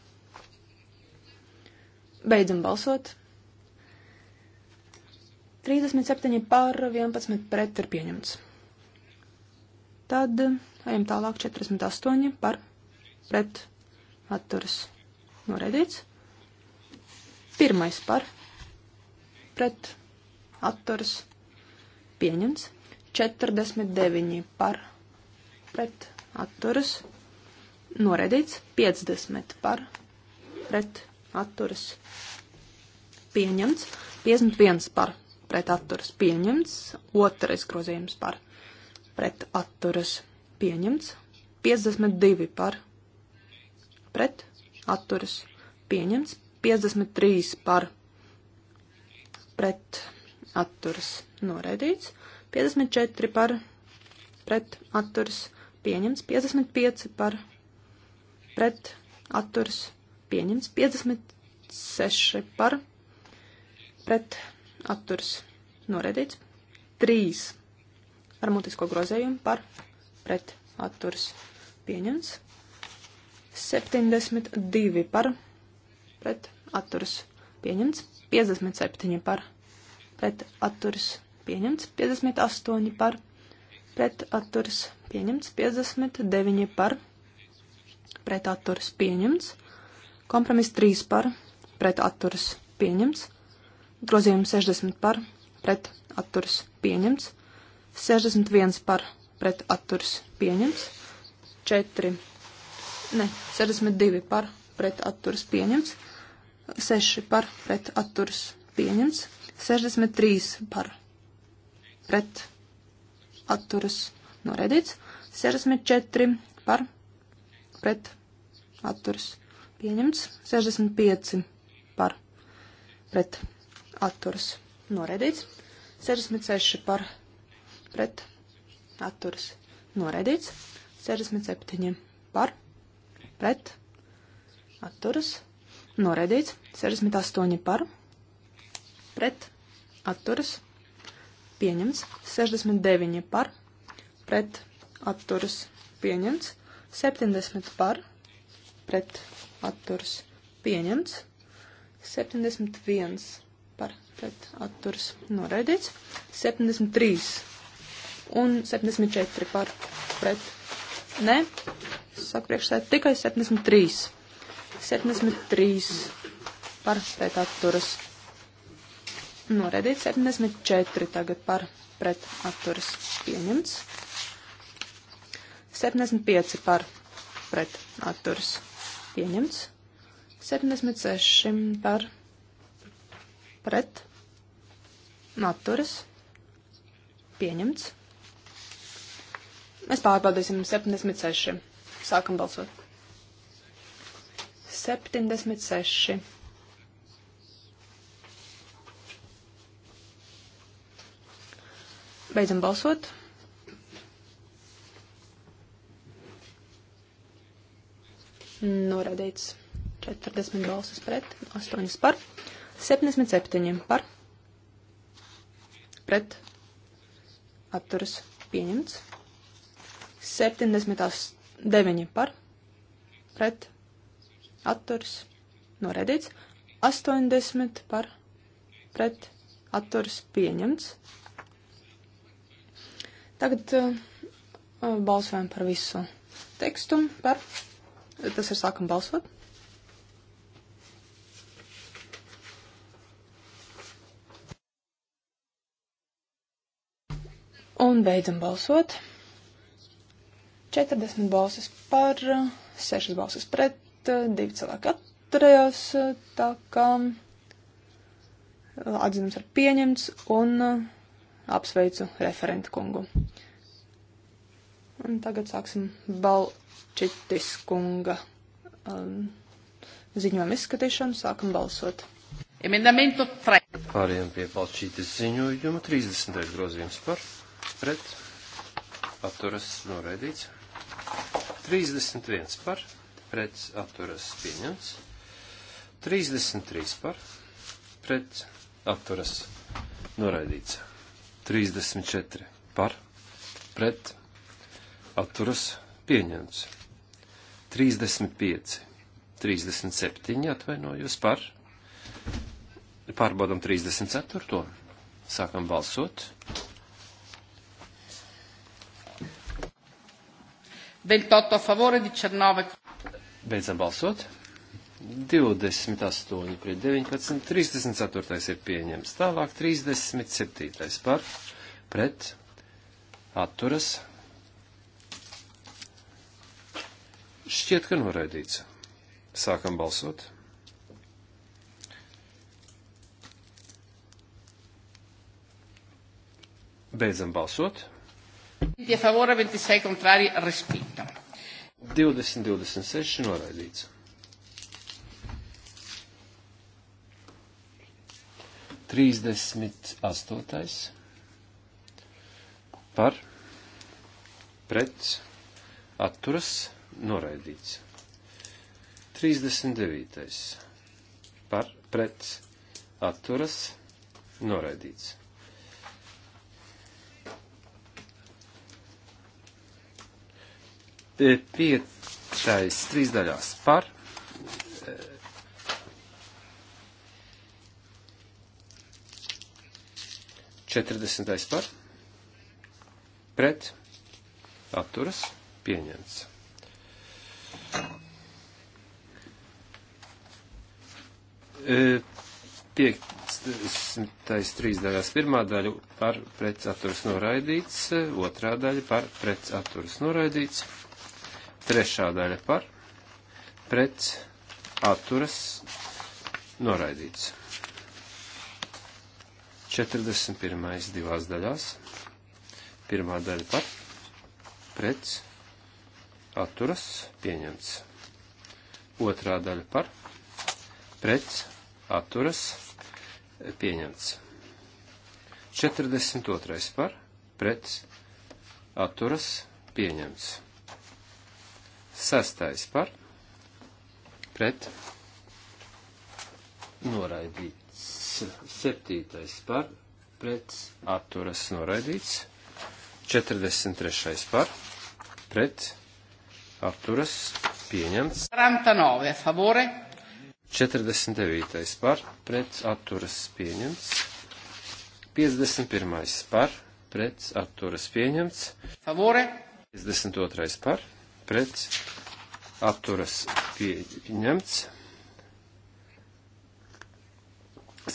Beidzam balsot. 37 pār 11 pret ir pieņemts. Tad ejam tālāk 48 par pret atturas noredīts. Pirmais par pret atturs pieņems. 49 par pret atturs noredīts. 50 par pret atturs pieņemts. 51 par pret atturs pieņemts. Otrais grozījums par pret atturas pieņemts. 52 par pret atturas pieņemts. 53 par pret atturas noraidīts, 54 par pret atturas pieņemts, 55 par pret atturas pieņemts, 56 par pret atturas noraidīts, 3 ar mutisko grozējumu par pret atturas pieņemts, 72 par pret atturas pieņemts, 57 par pret atturas pieņemts, 58 par pret atturas pieņemts, 59 par pret atturas pieņemts, kompromis 3 par pret atturas pieņemts, grozījums 60 par pret atturas pieņemts, 61 par pret atturas pieņemts, 4, ne, 62 par pret atturas pieņemts, 6 par pret atturas pieņemts, 63 par pret atturas noredīts, 64 par pret atturas pieņemts, 65 par pret atturas noredīts, 66 par pret atturas noredīts, 67 par pret atturas noredīts Noraidīts. 68 par. Pret. Atturas. Pieņemts. 69 par. Pret. Atturas. Pieņemts. 70 par. Pret. Atturas. Pieņemts. 71 par. Pret. Atturas. Noraidīts. 73 un 74 par. Pret. Nē. Saka priekšsēd tikai 73 73 par pret atturas. Noredīt nu, 74 tagad par pret atturas pieņemts. 75 par pret atturas pieņemts. 76 par pret atturas pieņemts. Mēs pārbaudīsim 76. Sākam balsot. 76. Beidzam balsot. Norādīts 40 balsis pret, 8 par, 77 par, pret, atturas pieņemts, 79 par, pret, atturs noraidīts, 80 par pret atturs pieņemts. Tagad uh, uh, balsojam par visu tekstu, par, tas ir sākam balsot. Un beidzam balsot. 40 balsis par, 6 uh, balsis pret, Eh, divi cilvēki atturējās, eh, tā kā eh, atzinums ir pieņemts un apsveicu referentu kungu. Un tagad sāksim Balčitis kunga um, ziņojumu izskatīšanu, sākam balsot. Emendamento 3. Pārējām pie Balčītis ziņojuma 30. grozījums par pret atturas noraidīts. 31 par pret pret atturas pieņemts. 33 par pret atturas noraidīts. 34 par pret atturas pieņemts. 35, 37 atvainojos par. Pārbaudam 34. Sākam balsot. Del 8 a favore, 19. Beidzam balsot. 28 pret 19, 34 ir pieņems. Tālāk 37 par pret atturas. Šķiet, ka noraidīts. Sākam balsot. Beidzam balsot. 26 contrari respinta. 2026 noraidīts. 38. par pret atturas noraidīts. 39. par pret atturas noraidīts. piektais trīs daļās par. Četrdesmitais par. Pret. Atturas. Pieņemts. E, piektais trīs daļās pirmā daļa par pretsaturas noraidīts, otrā daļa par pretsaturas noraidīts. Trešā daļa par pret atturas noraidīts. 41. divās daļās. Pirmā daļa par pret atturas pieņemts. Otrā daļa par pret atturas pieņemts. 42. par pret atturas pieņemts. Sastais par pret noraidīts. Septītais par pret atturas noraidīts. 43. par pret atturas pieņemts. 49. favore. 49. par pret atturas pieņemts. 51. par pret atturas pieņemts. Favore. 52. par pret atturas pieņemts.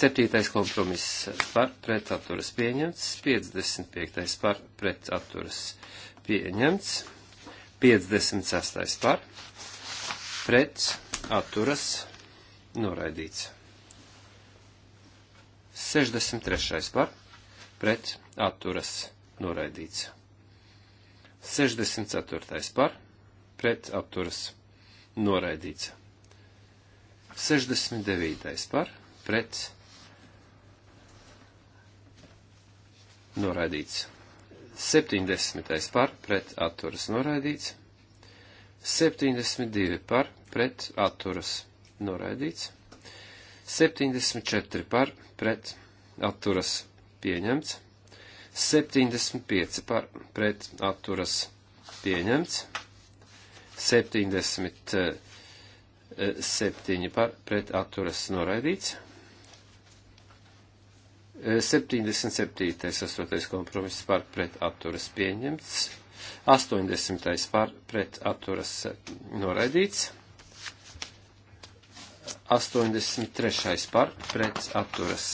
Septītais kompromiss par pretapturas pieņemts, 55. par pretapturas pieņemts, 56. par pretapturas noraidīts, 63. par pretapturas noraidīts, 64. par pret apturas noraidīts. 69. par pret noraidīts. 70. par pret atturas noraidīts. 72 par pret atturas noraidīts. 74 par pret atturas pieņemts. 75 par pret atturas pieņemts. 77 eh, par pret atturas noraidīts. 77. Eh, 8. kompromiss par pret atturas pieņemts. 80. par pret atturas noraidīts. 83. par pret atturas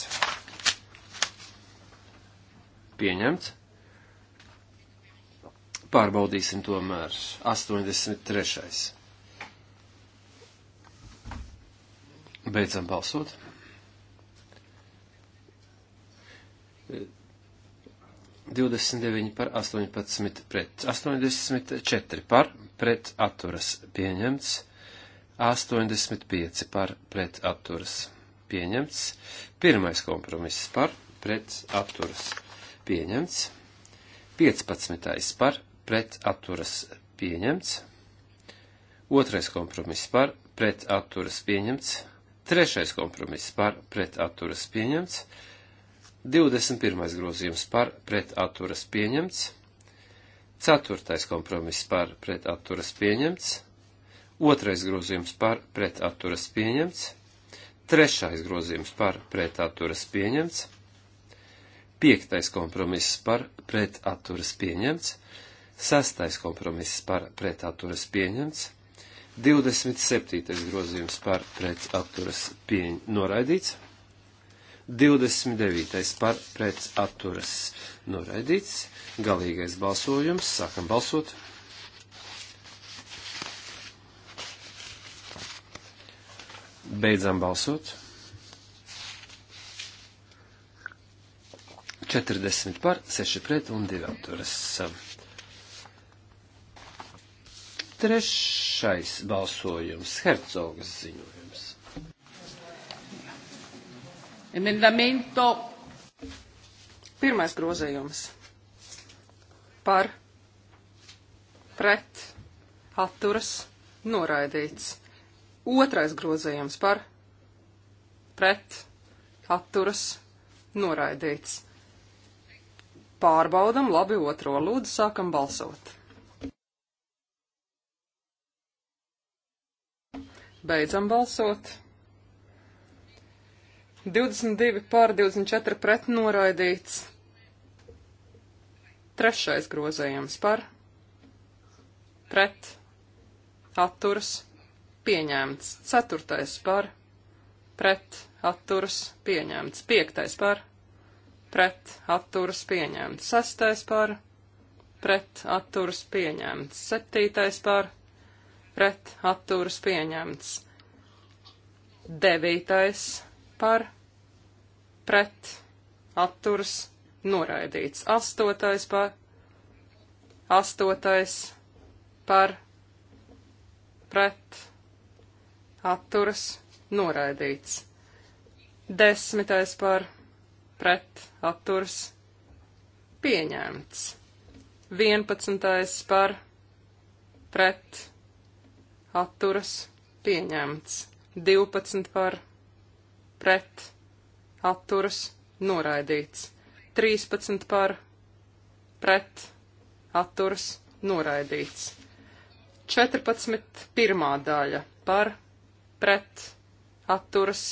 pieņemts. Pārbaudīsim tomēr 83. Beidzam balsot. Divdesmit deviņi par astoņpadsmit pret, astoņdesmit četri par pret atturas pieņemts, astoņdesmit pieci par pret atturas pieņemts, pirmais kompromiss par pret atturas pieņemts, piecpadsmitais par pret atturas pieņemts. Otrais kompromiss par pret atturas pieņemts. Trešais kompromiss par pret atturas pieņemts. 21. grozījums par pret atturas pieņemts. Ceturtais kompromiss par pret atturas pieņemts. Otrais grozījums par pret atturas pieņemts. Trešais grozījums par pret atturas pieņemts. Piektais kompromiss par pret atturas pieņemts. Sastais kompromiss par pretaturas pieņemts. 27. grozījums par pretaturas pieņ... noraidīts. 29. par pretaturas noraidīts. Galīgais balsojums. Sākam balsot. Beidzam balsot. 40 par, 6 pret un 2 atturas. Trešais balsojums - Hercogas ziņojums. Emendamento. Pirmais grozējums par pret atturas noraidīts. Otrais grozējums par pret atturas noraidīts. Pārbaudam labi otro lūdzu, sākam balsot. Beidzam balsot. 22 pār 24 pret noraidīts. Trešais grozējums par pret atturas pieņemts. Ceturtais par pret atturas pieņemts. Piektais par pret atturas pieņemts. Sestais par pret atturas pieņemts. Septītais par pret atturas pieņemts. Devītais par pret atturas noraidīts. Astotais par astotais par pret atturas noraidīts. Desmitais par pret atturas pieņemts. Vienpadsmitais par pret atturas atturas pieņemts. 12 par pret atturas noraidīts. 13 par pret atturas noraidīts. 14. pirmā daļa par pret atturas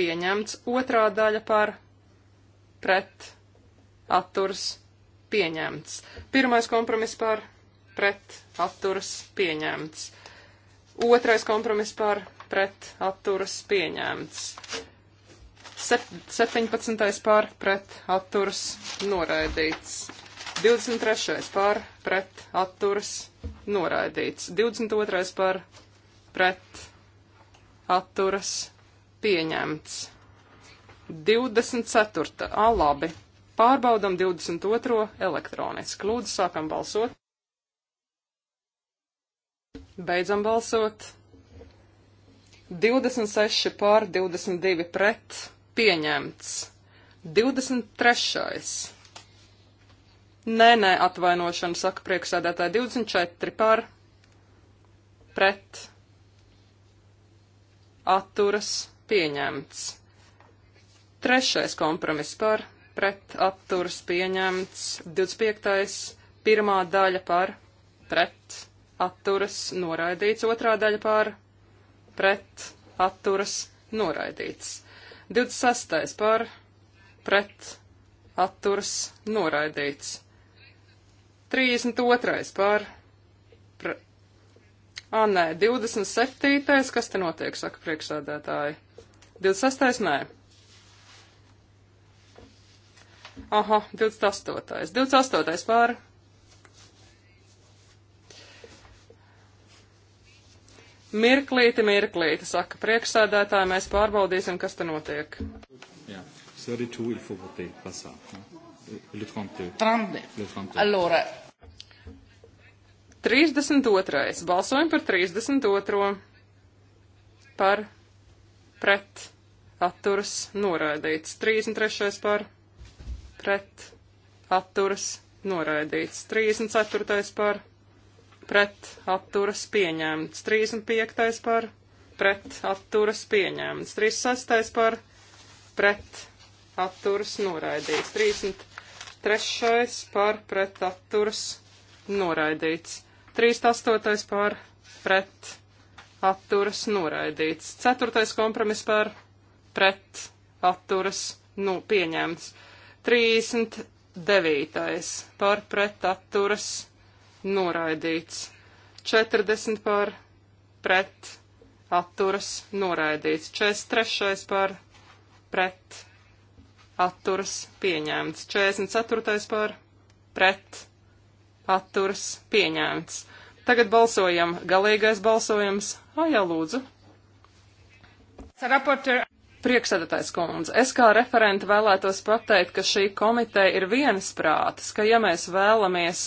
pieņemts, otrā daļa par pret atturas pieņemts. Pirmais kompromiss par pret atturas pieņemts. Otrais kompromiss par pret atturas pieņēmts. 17. pār pret atturas noraidīts. 23. pār pret atturas noraidīts. 22. pār pret atturas pieņemts. 24. A labi. Pārbaudam 22. elektroniski. Lūdzu, sākam balsot. Beidzam balsot. 26 pār 22 pret pieņemts. 23. Nē, nē, atvainošana, saka priekšsēdētāji, 24 par pret atturas pieņemts. Trešais kompromiss par pret atturas pieņemts. 25. pirmā daļa par pret atturas atturas, noraidīts. Otrā daļa par, pret, atturas, noraidīts. 26. par, pret, atturas, noraidīts. 32. par, pret. Ā, nē, 27. kas te notiek, saka priekšsēdētāji. 26. nē. Aha, 28. 28. pāri Mirklīti, mirklīti, saka priekšsēdētāji, mēs pārbaudīsim, kas te notiek. Jā, 32 il faut voter, pasā. Le 32. 32. Allora. 32. Balsojam par 32. Par pret atturas noraidīts. 33. par pret atturas noraidīts. 34. par pret atturas pieņemts. 35. par pret atturas pieņemts. 36. par pret atturas noraidīts. 33. par pret atturas noraidīts. 38. par pret atturas noraidīts. 4. kompromiss par pret atturas nu, pieņemts. 39. par pret atturas noraidīts noraidīts. 40 par pret atturas noraidīts. 43 par pret atturas pieņēmts. 44 par pret atturas pieņēmts. Tagad balsojam. Galīgais balsojums. Ai, jā, lūdzu. Raporter. Priekšsēdētājs kundze, es kā referenta vēlētos pateikt, ka šī komiteja ir viensprātis, ka ja mēs vēlamies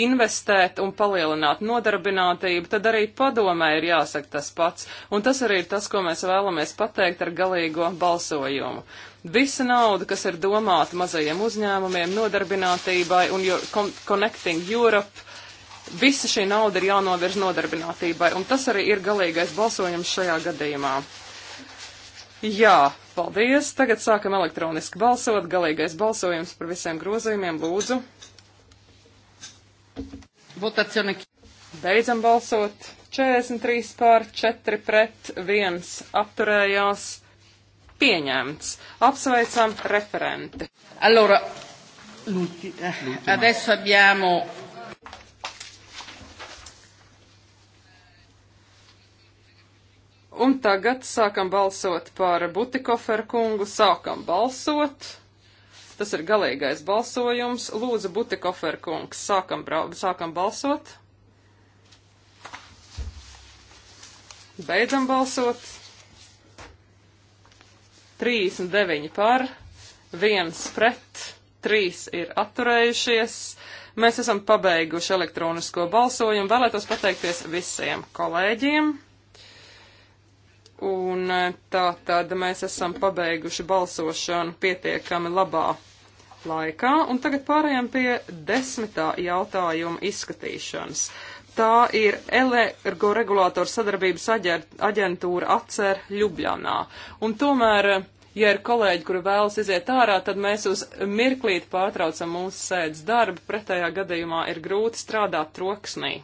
investēt un palielināt nodarbinātību, tad arī padomē ir jāsaka tas pats. Un tas arī ir tas, ko mēs vēlamies pateikt ar galīgo balsojumu. Visa nauda, kas ir domāta mazajiem uzņēmumiem, nodarbinātībai un Connecting Europe, visa šī nauda ir jānovirz nodarbinātībai. Un tas arī ir galīgais balsojums šajā gadījumā. Jā, paldies. Tagad sākam elektroniski balsot. Galīgais balsojums par visiem grozījumiem. Lūdzu. Votacioni. Beidzam balsot. 43 pār 4 pret 1 apturējās. Pieņemts. Apsveicam referenti. Allora, eh, adesso abbiamo Un tagad sākam balsot par Butikoferu kungu. Sākam balsot. Tas ir galīgais balsojums. Lūdzu, Butikoferu kungs, sākam, sākam balsot. Beidzam balsot. 39 par, 1 pret, 3 ir atturējušies. Mēs esam pabeiguši elektronisko balsojumu. Vēlētos pateikties visiem kolēģiem. Un e, tā tad mēs esam pabeiguši balsošanu pietiekami labā laikā, un tagad pārējām pie desmitā jautājuma izskatīšanas. Tā ir elektroregulātora sadarbības aģentūra atcer Ljubljanā. Un tomēr, e, ja ir kolēģi, kuri vēlas iziet ārā, tad mēs uz mirklīti pārtraucam mūsu sēdes darbu, pretējā gadījumā ir grūti strādāt troksnī.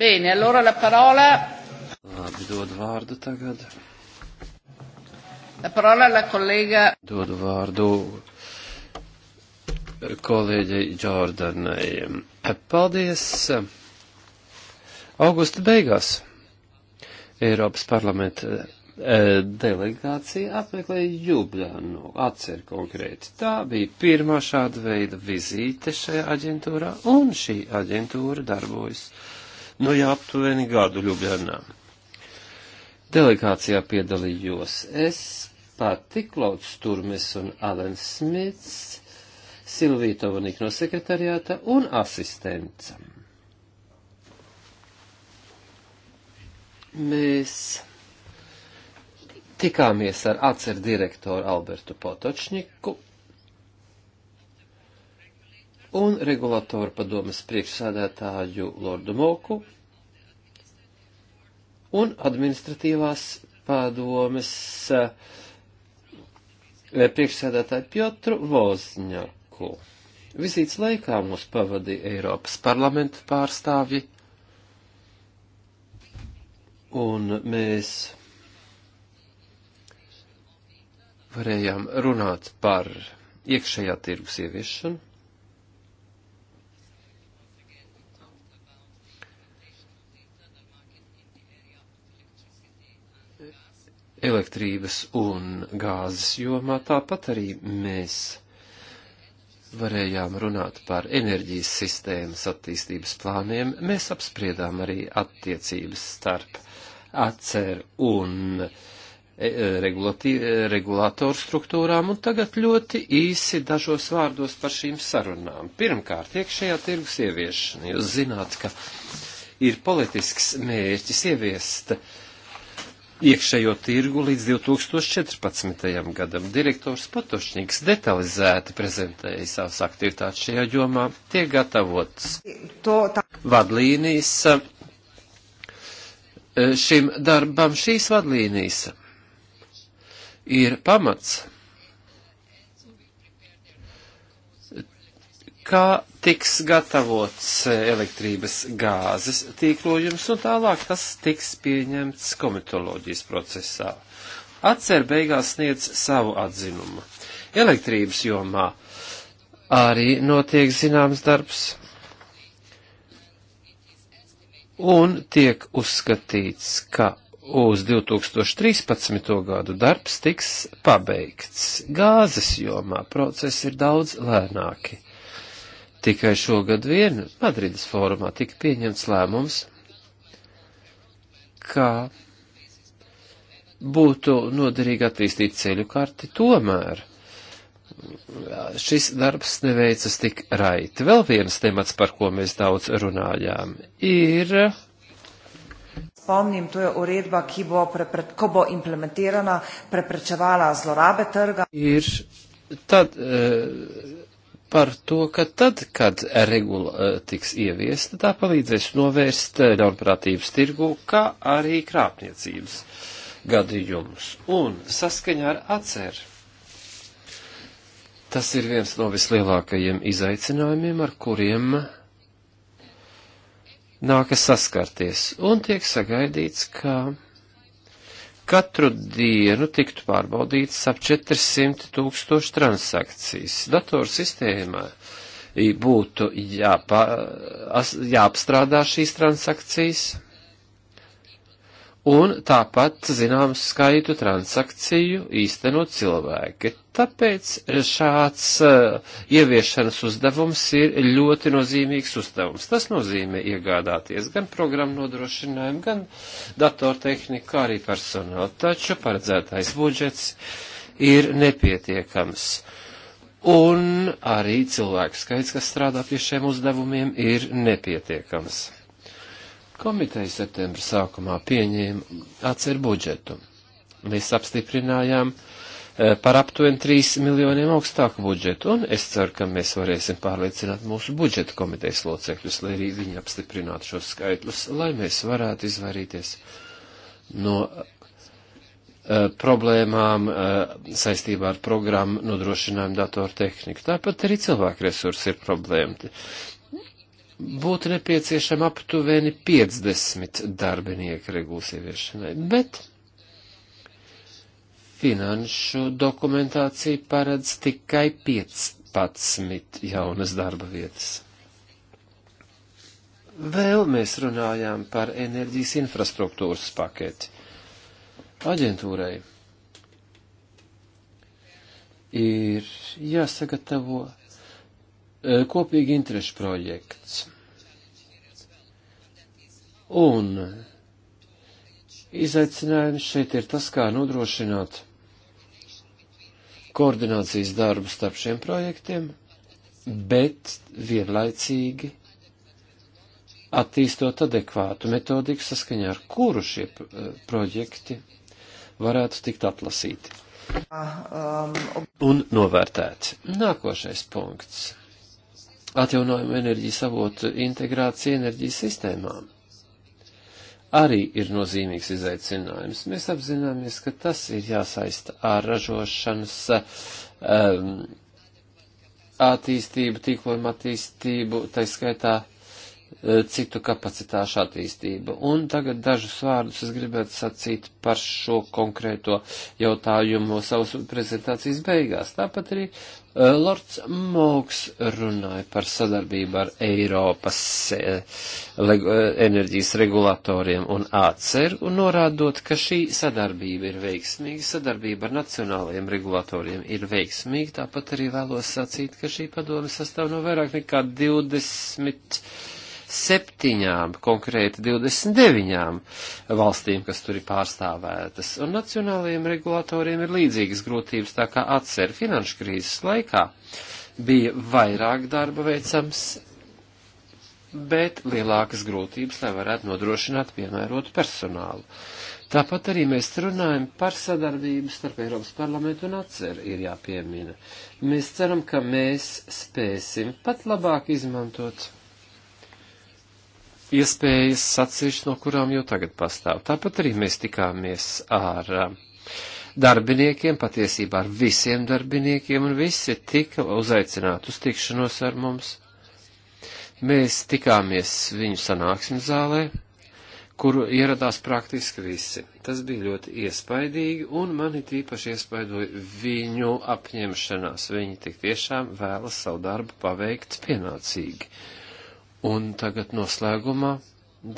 Bene, allora la parola. Labi, dod vārdu tagad. La parola alla collega. Dod vārdu kolēģei Jordanai. Paldies. Augusta beigās Eiropas parlamenta eh, delegācija apmeklēja Ljubljānu, atcer konkrēti. Tā bija pirmā šāda veida vizīte šajā aģentūrā, un šī aģentūra darbojas. Uh, nu jau aptuveni gadu Ljubljanā. Delegācijā piedalījos es, pati Klauds Turmes un Alens Smits, Silvija Tovanīka no sekretariāta un asistents. Mēs tikāmies ar atcer direktoru Albertu Potočniku un regulatoru padomas priekšsādētāju Lordu Moku un administratīvās padomas eh, priekšsēdētāju Piotru Vozņaku. Vizītes laikā mūs pavadīja Eiropas parlamenta pārstāvji, un mēs varējām runāt par iekšējā tirgus ieviešanu, elektrības un gāzes jomā, tāpat arī mēs varējām runāt par enerģijas sistēmas attīstības plāniem. Mēs apspriedām arī attiecības starp atcer un e, regulātoru struktūrām, un tagad ļoti īsi dažos vārdos par šīm sarunām. Pirmkārt, iekšējā tirgus ieviešana. Jūs zināt, ka ir politisks mērķis ieviest uh, iekšējo tirgu līdz 2014. gadam. Direktors Potošņīgs detalizēti prezentēja savas aktivitātes šajā jomā, tiek gatavotas vadlīnijas eh, šim darbam. Šīs vadlīnijas ir pamats, kā tiks gatavots eh, elektrības gāzes tīklojums un tālāk tas tiks pieņemts komitoloģijas procesā. Atcer beigās sniedz savu atzinumu. Elektrības jomā arī notiek zināms darbs un tiek uzskatīts, ka uz 2013. gadu darbs tiks pabeigts. Gāzes jomā process ir daudz lēnāki Tikai šogad vien Madrides fórumā tika pieņemts lēmums, ka būtu noderīgi attīstīt ceļu karti tomēr. Šis darbs neveicas tik raiti. Vēl viens temats, par ko mēs daudz runājām, ir. Spomnim, to je uredba, ki bo, prepred, ko bo implementirana, preprečevala zlorabe trga. Ir tad, uh, par to, ka tad, kad regula eh, tiks ieviesta, tā palīdzēs novērst eh, ļaunprātības tirgu, kā arī krāpniecības gadījumus. Un saskaņā ar atceru. Tas ir viens no vislielākajiem izaicinājumiem, ar kuriem nākas saskarties, un tiek sagaidīts, ka katru dienu tiktu pārbaudītas ap 400 tūkstoši transakcijas. Datorsistēmā būtu jāpa, as, jāapstrādā šīs transakcijas un tāpat zinām skaitu transakciju īstenot cilvēki. Tāpēc šāds uh, ieviešanas uzdevums ir ļoti nozīmīgs uzdevums. Tas nozīmē iegādāties gan programmu nodrošinājumu, gan datortehniku, kā arī personālu. Taču paredzētais budžets ir nepietiekams. Un arī cilvēku skaits, kas strādā pie šiem uzdevumiem, ir nepietiekams. Komiteja septembra sākumā pieņēma atcer budžetu. Mēs apstiprinājām e, par aptuveni 3 miljoniem augstāku budžetu, un es ceru, ka mēs varēsim pārliecināt mūsu budžeta komitejas locekļus, lai arī viņi apstiprinātu šos skaitļus, lai mēs varētu izvairīties no e, problēmām e, saistībā ar programmu nodrošinājumu datoru tehniku. Tāpat arī cilvēku resursi ir problēma būtu nepieciešami aptuveni 50 darbinieki regulas ieviešanai, bet finanšu dokumentācija paredz tikai 15 jaunas darba vietas. Vēl mēs runājām par enerģijas infrastruktūras paketi. Aģentūrai ir jāsagatavo eh, kopīgi interešu projekts. Un izaicinājums šeit ir tas, kā nodrošināt koordinācijas darbu starp šiem projektiem, bet vienlaicīgi attīstot adekvātu metodiku saskaņā ar kuru šie eh, projekti varētu tikt atlasīti un novērtēti. Nākošais punkts - atjaunojuma enerģijas avotu integrācija enerģijas sistēmām arī ir nozīmīgs izaicinājums. Mēs apzināmies, ka tas ir jāsaista ar ražošanas um, attīstību, tīklojumu attīstību, tā skaitā Eh, citu kapacitāšu attīstību. Un tagad dažus vārdus es gribētu sacīt par šo konkrēto jautājumu savas prezentācijas beigās. Tāpat arī uh, Lords Moks runāja par sadarbību ar Eiropas uh, enerģijas regulatoriem un ACER un norādot, ka šī sadarbība ir veiksmīga, sadarbība ar nacionālajiem regulatoriem ir veiksmīga, tāpat arī vēlos sacīt, ka šī padome sastāv no vairāk nekā 20 septiņām, konkrēti 29 valstīm, kas tur ir pārstāvētas, un nacionālajiem regulatoriem ir līdzīgas grūtības, tā kā atcer finanšu krīzes laikā bija vairāk darba veicams, bet lielākas grūtības, lai varētu nodrošināt piemērotu personālu. Tāpat arī mēs runājam par sadarbību starp Eiropas parlamentu un atceru ir jāpiemina. Mēs ceram, ka mēs spēsim pat labāk izmantot iespējas sacīšas, no kurām jau tagad pastāv. Tāpat arī mēs tikāmies ar um, darbiniekiem, patiesībā ar visiem darbiniekiem, un visi tika uzaicināti uz tikšanos ar mums. Mēs tikāmies viņu sanāksmes zālē, kuru ieradās praktiski visi. Tas bija ļoti iespaidīgi, un mani tīpaši iespaidoja viņu apņemšanās. Viņi tik tiešām vēlas savu darbu paveikt pienācīgi. Un tagad noslēgumā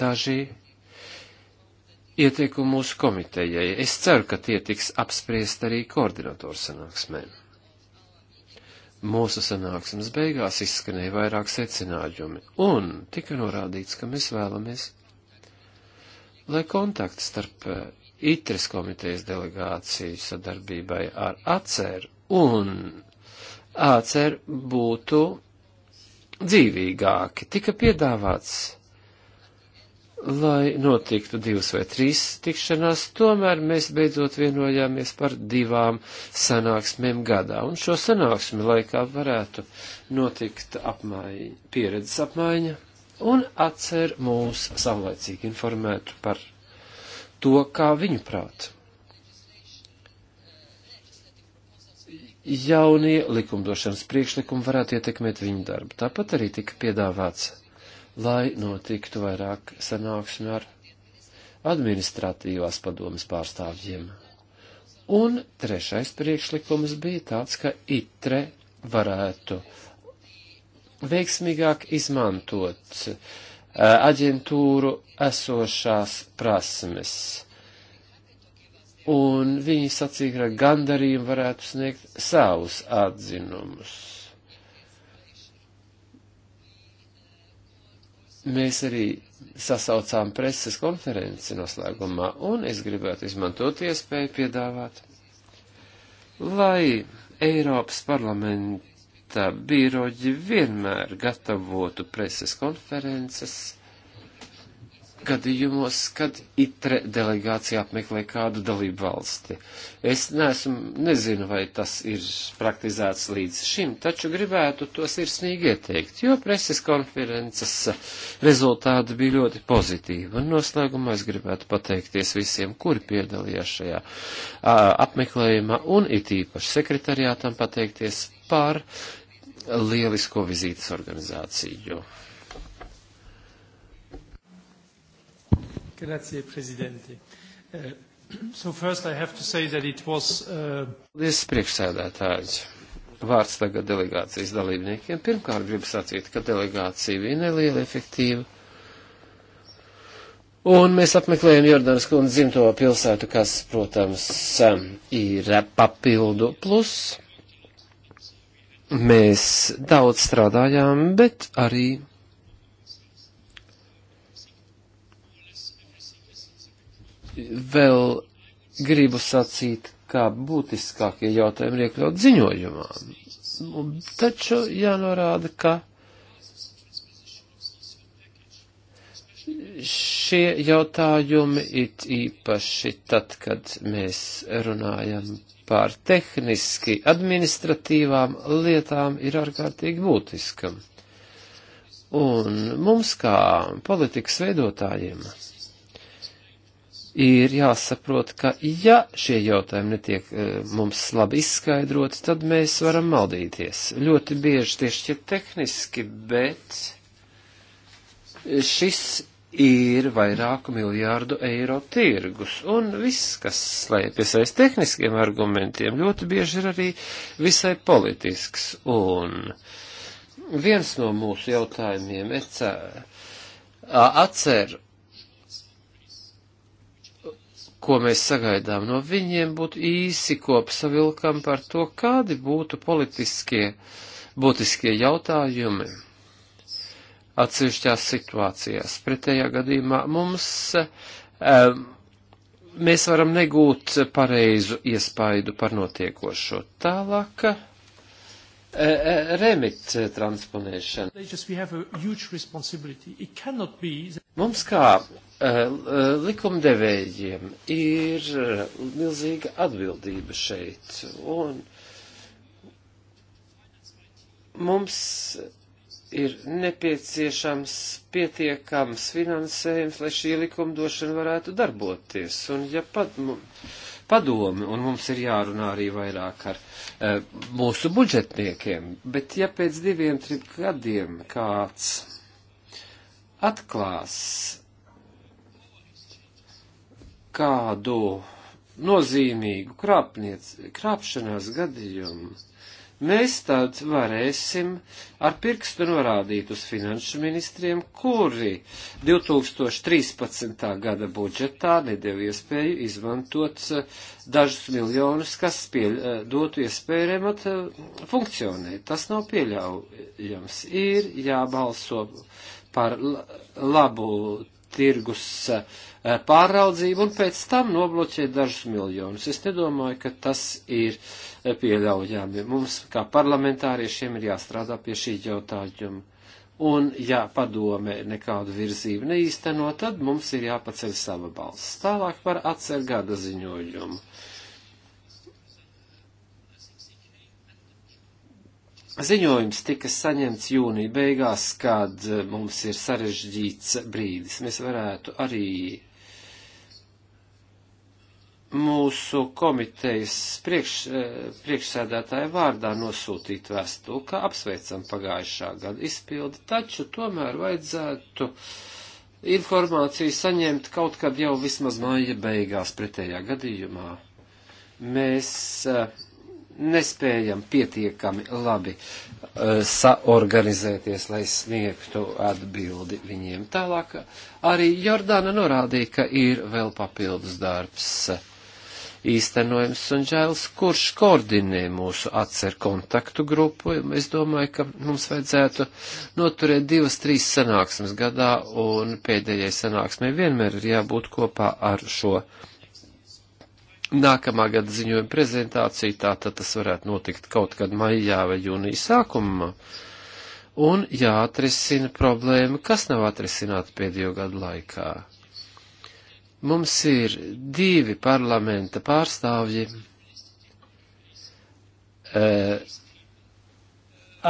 daži ieteikumi mūsu komitejai. Es ceru, ka tie tiks apspriest arī koordinatoru sanāksmēm. Mūsu sanāksmes beigās izskanēja vairāk secinājumi, un tika norādīts, ka mēs vēlamies, lai kontakti starp eh, ITRIS e komitejas delegāciju sadarbībai ar ACER un ACER būtu dzīvīgāki. Tika piedāvāts, lai notiktu divas vai trīs tikšanās, tomēr mēs beidzot vienojāmies par divām sanāksmēm gadā, un šo sanāksmi laikā varētu notikt apmaiņa, pieredzes apmaiņa, un atcer mūs savlaicīgi informētu par to, kā viņu prātu jaunie likumdošanas priekšlikumi varētu ietekmēt viņu darbu. Tāpat arī tika piedāvāts, lai notiktu vairāk sanāksmi ar administratīvās padomas pārstāvjiem. Un trešais priekšlikums bija tāds, ka itre varētu veiksmīgāk izmantot eh, aģentūru esošās prasmes un viņi sacīja, ka gandarījumi varētu sniegt savus atzinumus. Mēs arī sasaucām preses konferenci noslēgumā, un es gribētu izmantot iespēju piedāvāt, lai Eiropas parlamenta biroģi vienmēr gatavotu preses konferences gadījumos, kad itre delegācija apmeklē kādu dalību valsti. Es neesmu, nezinu, vai tas ir praktizēts līdz šim, taču gribētu to sirsnīgi ieteikt, jo preses konferences rezultāti bija ļoti pozitīvi. Un noslēgumā es gribētu pateikties visiem, kuri piedalījās šajā a, apmeklējumā, un it īpaši sekretariātam pateikties par lielisko vizītes organizāciju. Grazie, prezidenti. Uh, eh, so first I have to say that it was... Uh... Es priekšsēdētājs. Vārds tagad delegācijas dalībniekiem. Pirmkārt gribu sacīt, ka delegācija bija neliela, efektīva. Un mēs apmeklējam Jordānas kundzes dzimto pilsētu, kas, protams, ir papildu plus. Mēs daudz strādājām, bet arī vēl gribu sacīt, kā būtiskākie jautājumi ir iekļaut ziņojumā. Taču jānorāda, ka šie jautājumi it īpaši tad, kad mēs runājam par tehniski administratīvām lietām, ir ārkārtīgi būtiskam. Un mums kā politikas veidotājiem ir jāsaprot, ka ja šie jautājumi netiek eh, mums labi izskaidroti, tad mēs varam maldīties. Ļoti bieži tieši ir tehniski, bet šis ir vairāku miljārdu eiro tirgus, un viss, kas slēpjas aiz tehniskiem argumentiem, ļoti bieži ir arī visai politisks, un viens no mūsu jautājumiem ECA atcer ko mēs sagaidām no viņiem, būtu īsi kopsavilkam par to, kādi būtu politiskie, būtiskie jautājumi atsevišķās situācijās. Pretējā gadījumā mums, um, mēs varam negūt pareizu iespaidu par notiekošo. Tālāk Eh, eh, remit eh, transponēšana. Mums kā likumdevējiem ir milzīga atbildība šeit, un mums ir nepieciešams pietiekams finansējums, lai šī likumdošana varētu darboties, un ja pat mums padomi, un mums ir jārunā arī vairāk ar e, mūsu budžetniekiem. Bet ja pēc diviem, trim gadiem kāds atklās kādu nozīmīgu krāpšanās gadījumu, mēs tad varēsim ar pirkstu norādīt uz finanšu ministriem, kuri 2013. gada budžetā nedēļu iespēju izmantot eh, dažus miljonus, kas pieļ, eh, dotu iespēju remat eh, funkcionēt. Tas nav pieļaujams. Ir jābalso par labu tirgus pāraudzību un pēc tam nobloķēt dažus miljonus. Es nedomāju, ka tas ir pieļaujami. Mums, kā parlamentāriešiem, ir jāstrādā pie šī jautājuma. Un, ja padome nekādu virzību neīsteno, tad mums ir jāpaceļ sava balss. Tālāk par atcergada ziņojumu. Ziņojums tika saņemts jūnija beigās, kad mums ir sarežģīts brīdis. Mēs varētu arī mūsu komitejas priekš, eh, priekšsēdētāja vārdā nosūtīt vēstuli, ka apsveicam pagājušā gada izpildi, taču tomēr vajadzētu informāciju saņemt kaut kad jau vismaz māja beigās pretējā gadījumā. Mēs eh, nespējam pietiekami labi eh, saorganizēties, lai sniegtu atbildi viņiem. Tālāk arī Jordāna norādīja, ka ir vēl papildus darbs īstenojams un žēls, kurš koordinē mūsu atcer kontaktu grupu. Es domāju, ka mums vajadzētu noturēt divas, trīs sanāksmes gadā, un pēdējai sanāksmē vienmēr ir jābūt kopā ar šo nākamā gada ziņojuma prezentāciju, tā tad tas varētu notikt kaut kad maijā vai jūnija sākumā. Un jāatrisina problēma, kas nav atrisināta pēdējo gadu laikā. Mums ir divi parlamenta pārstāvji. E,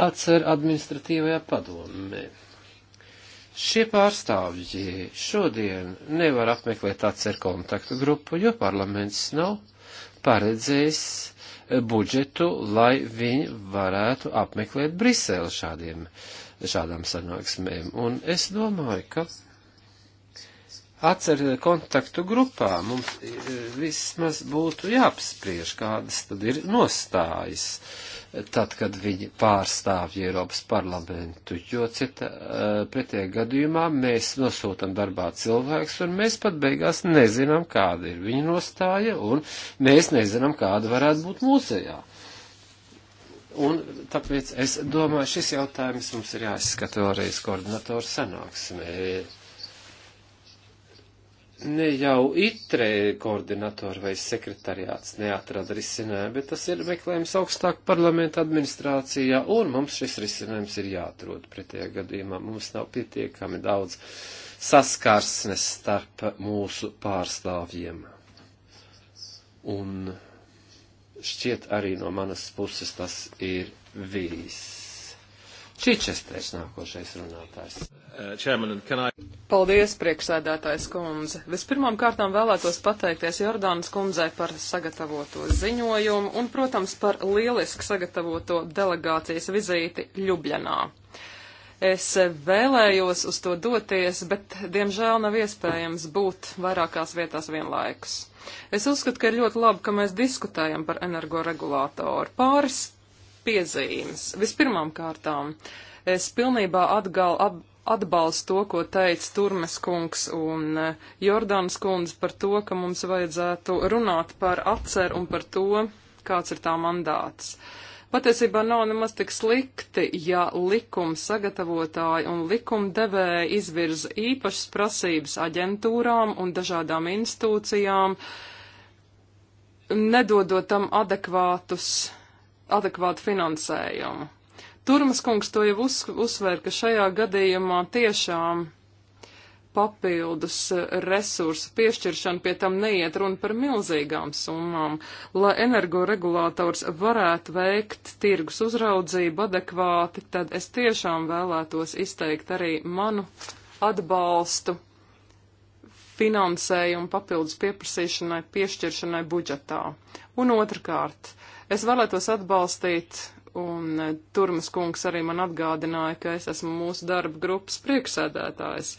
atcer administratīvajā padomē. Šie pārstāvji šodien nevar apmeklēt atcer kontaktu grupu, jo parlaments nav paredzējis budžetu, lai viņi varētu apmeklēt Briseli šādiem, šādām sanāksmēm. Un es domāju, ka atcer kontaktu grupā. Mums e, vismaz būtu jāapspriež, kādas tad ir nostājas, e, tad, kad viņi pārstāvja Eiropas parlamentu, jo cita e, pretējā gadījumā mēs nosūtam darbā cilvēks, un mēs pat beigās nezinām, kāda ir viņa nostāja, un mēs nezinām, kāda varētu būt mūsējā. Un tāpēc es domāju, šis jautājums mums ir jāizskata vēlreiz koordinatoru sanāksmē ne jau itre koordinatori vai sekretariāts neatrada risinājumu, bet tas ir meklējums augstāk parlamenta administrācijā, un mums šis risinājums ir jāatrod. Pretējā gadījumā mums nav pietiekami daudz saskarsnes starp mūsu pārstāvjiem. Un šķiet arī no manas puses tas ir viss. Čičesters nākošais runātājs. Uh, Paldies, priekšsēdētājs kundze. Vispirmām kārtām vēlētos pateikties Jordānas kundzei par sagatavoto ziņojumu un, protams, par lieliski sagatavoto delegācijas vizīti Ljubljanā. Es vēlējos uz to doties, bet, diemžēl, nav iespējams būt vairākās vietās vienlaikus. Es uzskatu, ka ir ļoti labi, ka mēs diskutējam par energoregulātoru. Pāris piezīmes. Vispirmām kārtām, es pilnībā atgal, ab, atbalstu to, ko teica Turmes kungs un eh, Jordānas kundze par to, ka mums vajadzētu runāt par atceru un par to, kāds ir tā mandāts. Patiesībā nav nemaz tik slikti, ja likuma sagatavotāji un likumdevēji izvirza īpašas prasības aģentūrām un dažādām institūcijām, nedodot tam adekvātus adekvātu finansējumu. Turmas kungs to jau uz, uzsver, ka šajā gadījumā tiešām papildus eh, resursu piešķiršana pie tam neiet runa par milzīgām summām, lai energoregulātors varētu veikt tirgus uzraudzību adekvāti, tad es tiešām vēlētos izteikt arī manu atbalstu finansējumu papildus pieprasīšanai, piešķiršanai budžetā. Un otrkārt, Es vēlētos atbalstīt, un Turmas kungs arī man atgādināja, ka es esmu mūsu darba grupas priekšsēdētājs.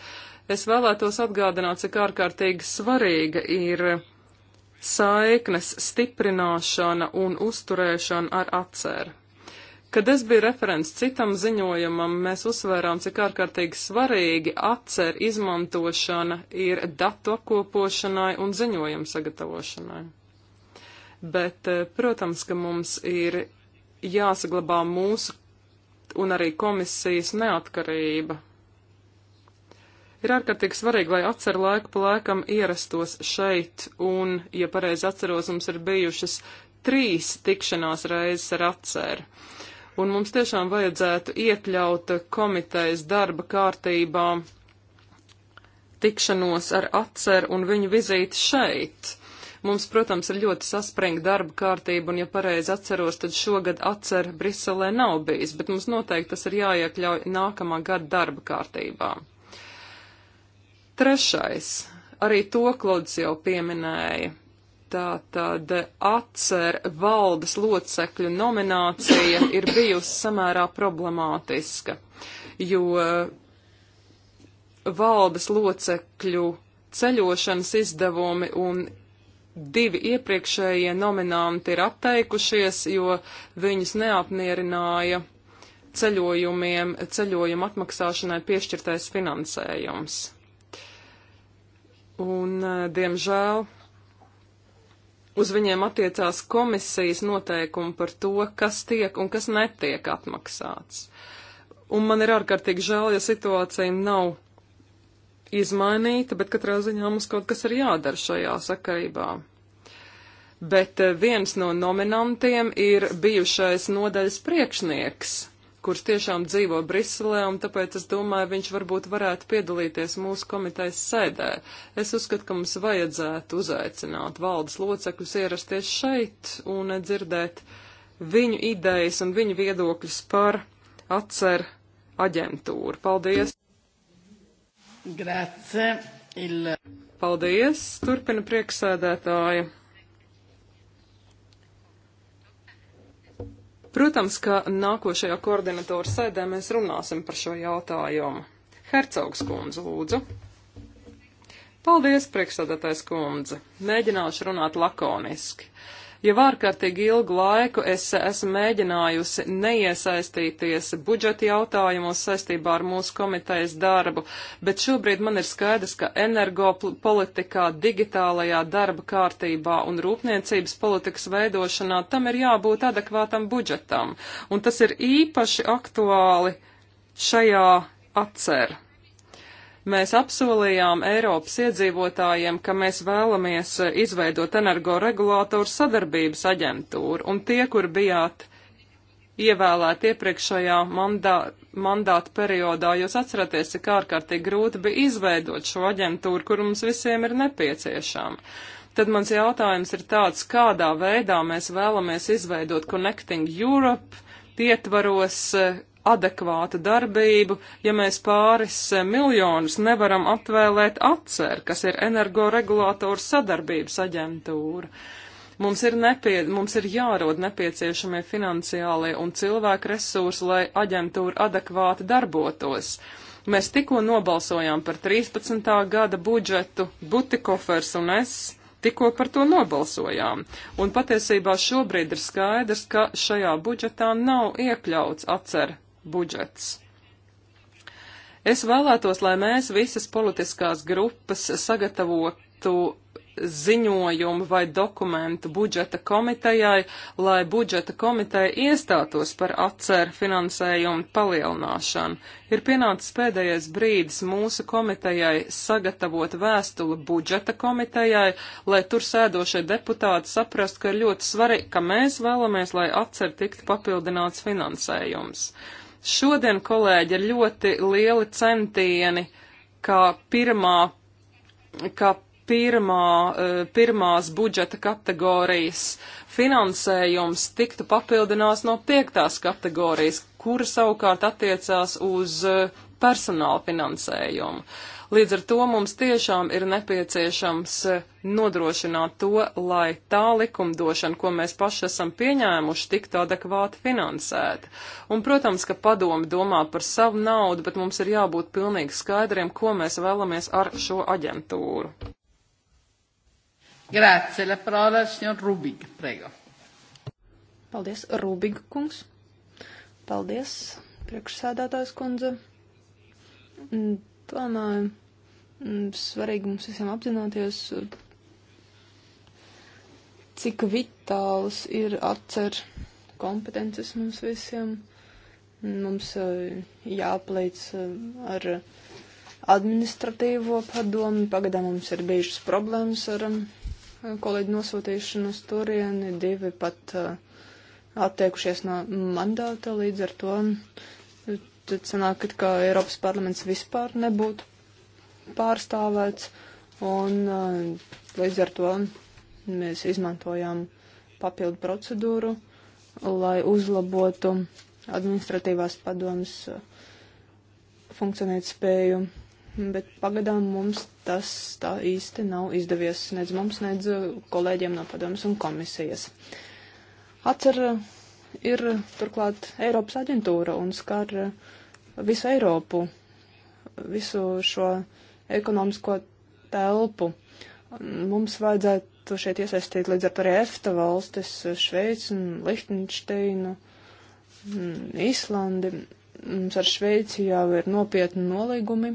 Es vēlētos atgādināt, cik ārkārtīgi svarīga ir saiknes stiprināšana un uzturēšana ar atceru. Kad es biju referents citam ziņojumam, mēs uzsvērām, cik ārkārtīgi svarīgi atcer izmantošana ir datu apkopošanai un ziņojumu sagatavošanai bet, eh, protams, ka mums ir jāsaglabā mūsu un arī komisijas neatkarība. Ir ārkārtīgi svarīgi, lai atcer laiku pa laikam ierastos šeit, un, ja pareizi atceros, mums ir bijušas trīs tikšanās reizes ar atceru. Un mums tiešām vajadzētu iekļaut komitejas darba kārtībā tikšanos ar atceru un viņu vizīti šeit. Mums, protams, ir ļoti saspringta darba kārtība, un, ja pareizi atceros, tad šogad atcer Briselē nav bijis, bet mums noteikti tas ir jāiekļauj nākamā gada darba kārtībā. Trešais. Arī to Klods jau pieminēja tā tad atcer valdes locekļu nominācija ir bijusi samērā problemātiska, jo valdes locekļu ceļošanas izdevumi un divi iepriekšējie nominanti ir atteikušies, jo viņus neapmierināja ceļojumiem, ceļojuma atmaksāšanai piešķirtais finansējums. Un, eh, diemžēl, uz viņiem attiecās komisijas noteikumi par to, kas tiek un kas netiek atmaksāts. Un man ir ārkārtīgi žēl, ja situācija nav izmainīta, bet katrā ziņā mums kaut kas ir jādara šajā sakarībā. Bet eh, viens no nominantiem ir bijušais nodaļas priekšnieks, kurš tiešām dzīvo Briselē, un tāpēc es domāju, viņš varbūt varētu piedalīties mūsu komitejas sēdē. Es uzskatu, ka mums vajadzētu uzaicināt valdes locekļus ierasties šeit un dzirdēt viņu idejas un viņu viedokļus par atcer aģentūru. Paldies! Grazie. Il... Paldies, turpina prieksēdētāja. Protams, ka nākošajā koordinatoru sēdē mēs runāsim par šo jautājumu. Hercogs kundze, lūdzu. Paldies, priekšsādātais kundze. Mēģināšu runāt lakoniski. Uh, Jau ārkārtīgi ilgu laiku es esmu mēģinājusi neiesaistīties budžeta jautājumos saistībā ar mūsu komitejas darbu, bet šobrīd man ir skaidrs, ka energopolitikā, digitālajā darba kārtībā un rūpniecības politikas veidošanā tam ir jābūt adekvātam budžetam. Un tas ir īpaši aktuāli šajā atcerā Mēs apsolījām Eiropas iedzīvotājiem, ka mēs vēlamies eh, izveidot energoregulātoru sadarbības aģentūru, un tie, kur bijāt ievēlēt iepriekšējā mandā, mandāta periodā, jūs atceraties, cik ārkārtīgi grūti bija izveidot šo aģentūru, kur mums visiem ir nepieciešama. Tad mans jautājums ir tāds, kādā veidā mēs vēlamies izveidot Connecting Europe ietvaros eh, adekvātu darbību, ja mēs pāris eh, miljonus nevaram atvēlēt atcer, kas ir energoregulātoru sadarbības aģentūra. Mums ir, nepie, mums ir jārod nepieciešamie finansiālie un cilvēku resursi, lai aģentūra adekvāti darbotos. Mēs tikko nobalsojām par 13. gada budžetu, Butikofers un es tikko par to nobalsojām. Un patiesībā šobrīd ir skaidrs, ka šajā budžetā nav iekļauts atcer budžets. Es vēlētos, lai mēs visas politiskās grupas sagatavotu ziņojumu vai dokumentu budžeta komitejai, lai budžeta komiteja iestātos par atceru finansējumu palielināšanu. Ir pienācis pēdējais brīdis mūsu komitejai sagatavot vēstuli budžeta komitejai, lai tur sēdošie deputāti saprast, ka ir ļoti svarīgi, ka mēs vēlamies, lai atceru tiktu papildināts finansējums. Šodien, kolēģi, ir ļoti lieli centieni, kā pirmā, kā pirmā, eh, pirmās budžeta kategorijas finansējums tiktu papildināts no piektās kategorijas, kura savukārt attiecās uz eh, personāla finansējumu. Līdz ar to mums tiešām ir nepieciešams eh, nodrošināt to, lai tā likumdošana, ko mēs paši esam pieņēmuši, tiktu adekvāti finansēta. Un, protams, ka padomi domā par savu naudu, bet mums ir jābūt pilnīgi skaidriem, ko mēs vēlamies ar šo aģentūru. Grazie, la parola signor Rubik, prego. Paldies, Rūbīga kungs. Paldies, priekšsēdētājs kundze. Mm, Domāju, Mm, svarīgi mums visiem apzināties, cik vitāls ir atcer kompetences mums visiem. Mums eh, jāplīc eh, ar administratīvo padomu. Pagadām mums ir bijušas problēmas ar um, kolēģi nosūtīšanu uz turieni. Divi pat eh, attiekušies no mandāta līdz ar to. Tad sanāk, ka Eiropas parlaments vispār nebūtu pārstāvēts, un uh, līdz ar to mēs izmantojām papildu procedūru, lai uzlabotu administratīvās padomas uh, funkcionēt spēju, bet pagadām mums tas tā īsti nav izdevies, nedz mums, nedz uh, kolēģiem no padomas un komisijas. Atcer ir turklāt Eiropas aģentūra un skar visu Eiropu, visu šo uh, ekonomisko telpu. Mums vajadzētu šeit iesaistīt līdz ar to arī EFTA valstis, Šveici un Lihtenšteinu, Īslandi. Mm, Mums ar Šveici jau ir nopietni nolīgumi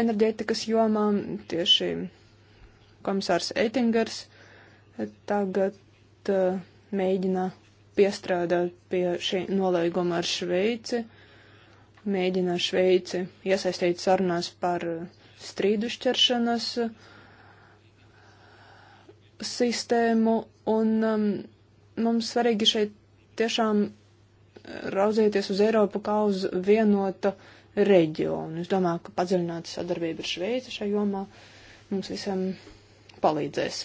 enerģētikas jomā, tieši komisārs Eitingers tagad uh, mēģina piestrādāt pie šī nolīguma ar Šveici, mēģina Šveici iesaistīt sarunās par uh, strīdu šķiršanas uh, sistēmu, un um, mums svarīgi šeit tiešām raudzīties uz Eiropu kā uz vienota reģionu. Es domāju, ka padziļināta sadarbība ar Šveici šajā jomā mums visiem palīdzēs.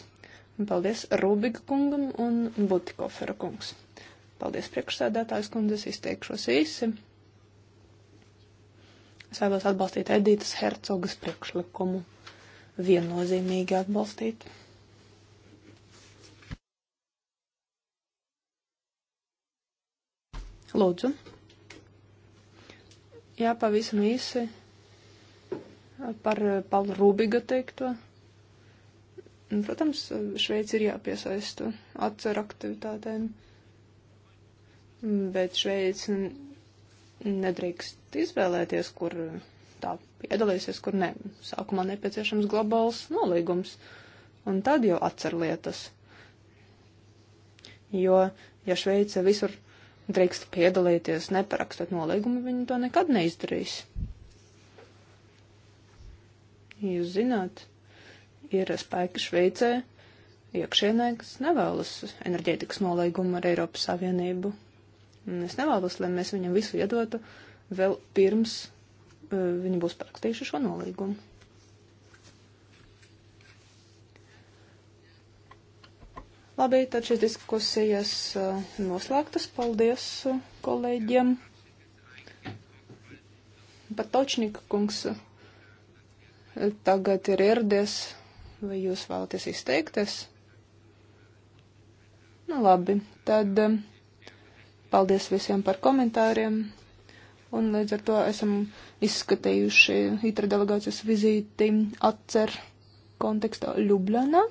Paldies Rūbiga kungam un Butikofera kungs. Paldies priekšsēdētājs kundzes, izteikšos īsi. Es vēlos atbalstīt Edītas Hercogas priekšlikumu. Viennozīmīgi atbalstīt. Lūdzu. Jā, pavisam īsi par Paula Rūbiga teikto. Protams, Šveic ir jāpiesaista atceru aktivitātēm, bet Šveic nedrīkst varat izvēlēties, kur eh, tā piedalīsies, kur ne. Sākumā nepieciešams globāls nolīgums, un tad jau atcer lietas. Jo, ja Šveice visur drīkst piedalīties, neparakstot nolīgumu, viņi to nekad neizdarīs. Jūs zināt, ir spēki Šveicē iekšienē, kas nevēlas enerģētikas nolīgumu ar Eiropas Savienību. Un es nevēlos, lai mēs viņam visu iedotu, uh, vēl pirms eh, viņi būs parakstījuši šo nolīgumu. Labi, tad šīs diskusijas eh, noslēgtas. Paldies eh, kolēģiem. Pat Točnika kungs tagad ir ieradies. Vai jūs vēlaties izteikties? Nu labi, tad paldies visiem par komentāriem un līdz ar to esam izskatījuši ITRA delegācijas vizīti atcer kontekstā Ljubljana.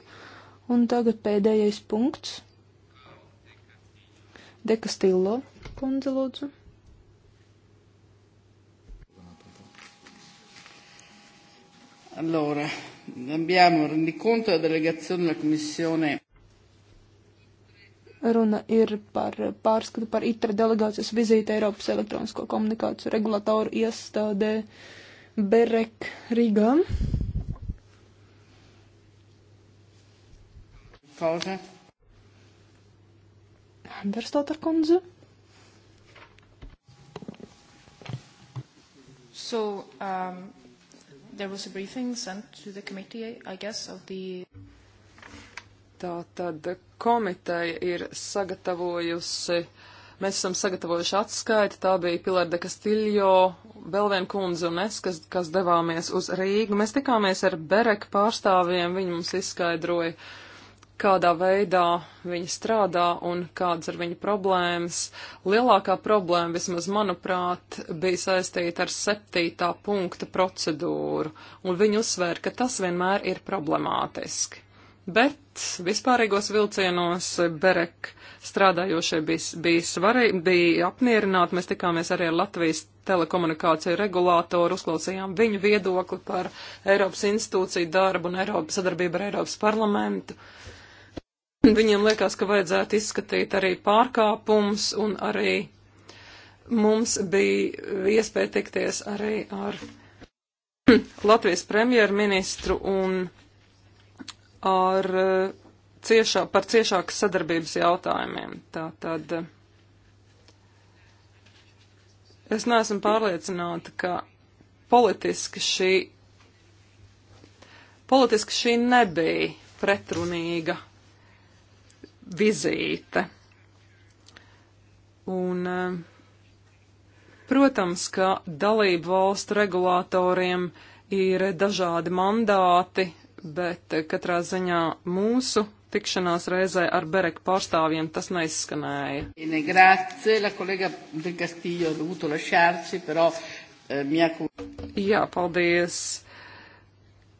Un tagad pēdējais punkts. Dekastillo, kundze, lūdzu. Allora, abbiamo rendiconto della delegazione della Commissione. Runa ir par pārskatu par ITRA delegācijas vizīti Eiropas elektronisko komunikāciju regulatoru iestādē Berek Rīgā. Paldies. Anderstāta kundze. So, um, there was a briefing sent to the committee, I guess, of the... Tā tad komiteja ir sagatavojusi, mēs esam sagatavojuši atskaiti, tā bija Pilar de Castillo, vēl viena kundze un es, kas, kas devāmies uz Rīgu. Mēs tikāmies ar Berek pārstāvjiem, viņi mums izskaidroja, kādā veidā viņi strādā un kādas ir viņa problēmas. Lielākā problēma, vismaz manuprāt, bija saistīta ar septītā punkta procedūru, un viņi uzsvēra, ka tas vienmēr ir problemātiski. Bet bet vispārīgos vilcienos Berek strādājošie bija, bija, svarī, bija apmierināti. Mēs tikāmies arī ar Latvijas telekomunikāciju regulātoru, uzklausījām viņu viedokli par Eiropas institūciju darbu un Eiropas sadarbību ar Eiropas parlamentu. Viņiem liekas, ka vajadzētu izskatīt arī pārkāpums un arī mums bija iespēja tikties arī ar Latvijas premjerministru un ar eh, ciešā, par ciešākas sadarbības jautājumiem. Tātad eh, es neesmu pārliecināta, ka politiski šī, politiski šī nebija pretrunīga vizīte. Un, eh, protams, ka dalību valstu regulātoriem ir dažādi mandāti bet eh, katrā ziņā mūsu tikšanās reizē ar Bereka pārstāvjiem tas neizskanēja. Eh, Jā, paldies.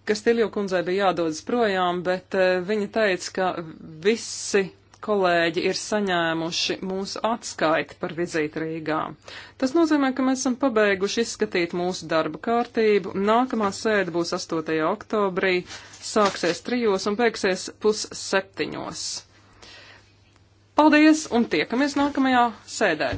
Kastiljo kundzei bija jādodas projām, bet eh, viņa teica, ka visi kolēģi ir saņēmuši mūsu atskaiti par vizīti Rīgā. Tas nozīmē, ka mēs esam pabeiguši izskatīt mūsu darba kārtību. Nākamā sēde būs 8. oktobrī, sāksies trijos un beigsies pusseptiņos. Paldies un tiekamies nākamajā sēdē!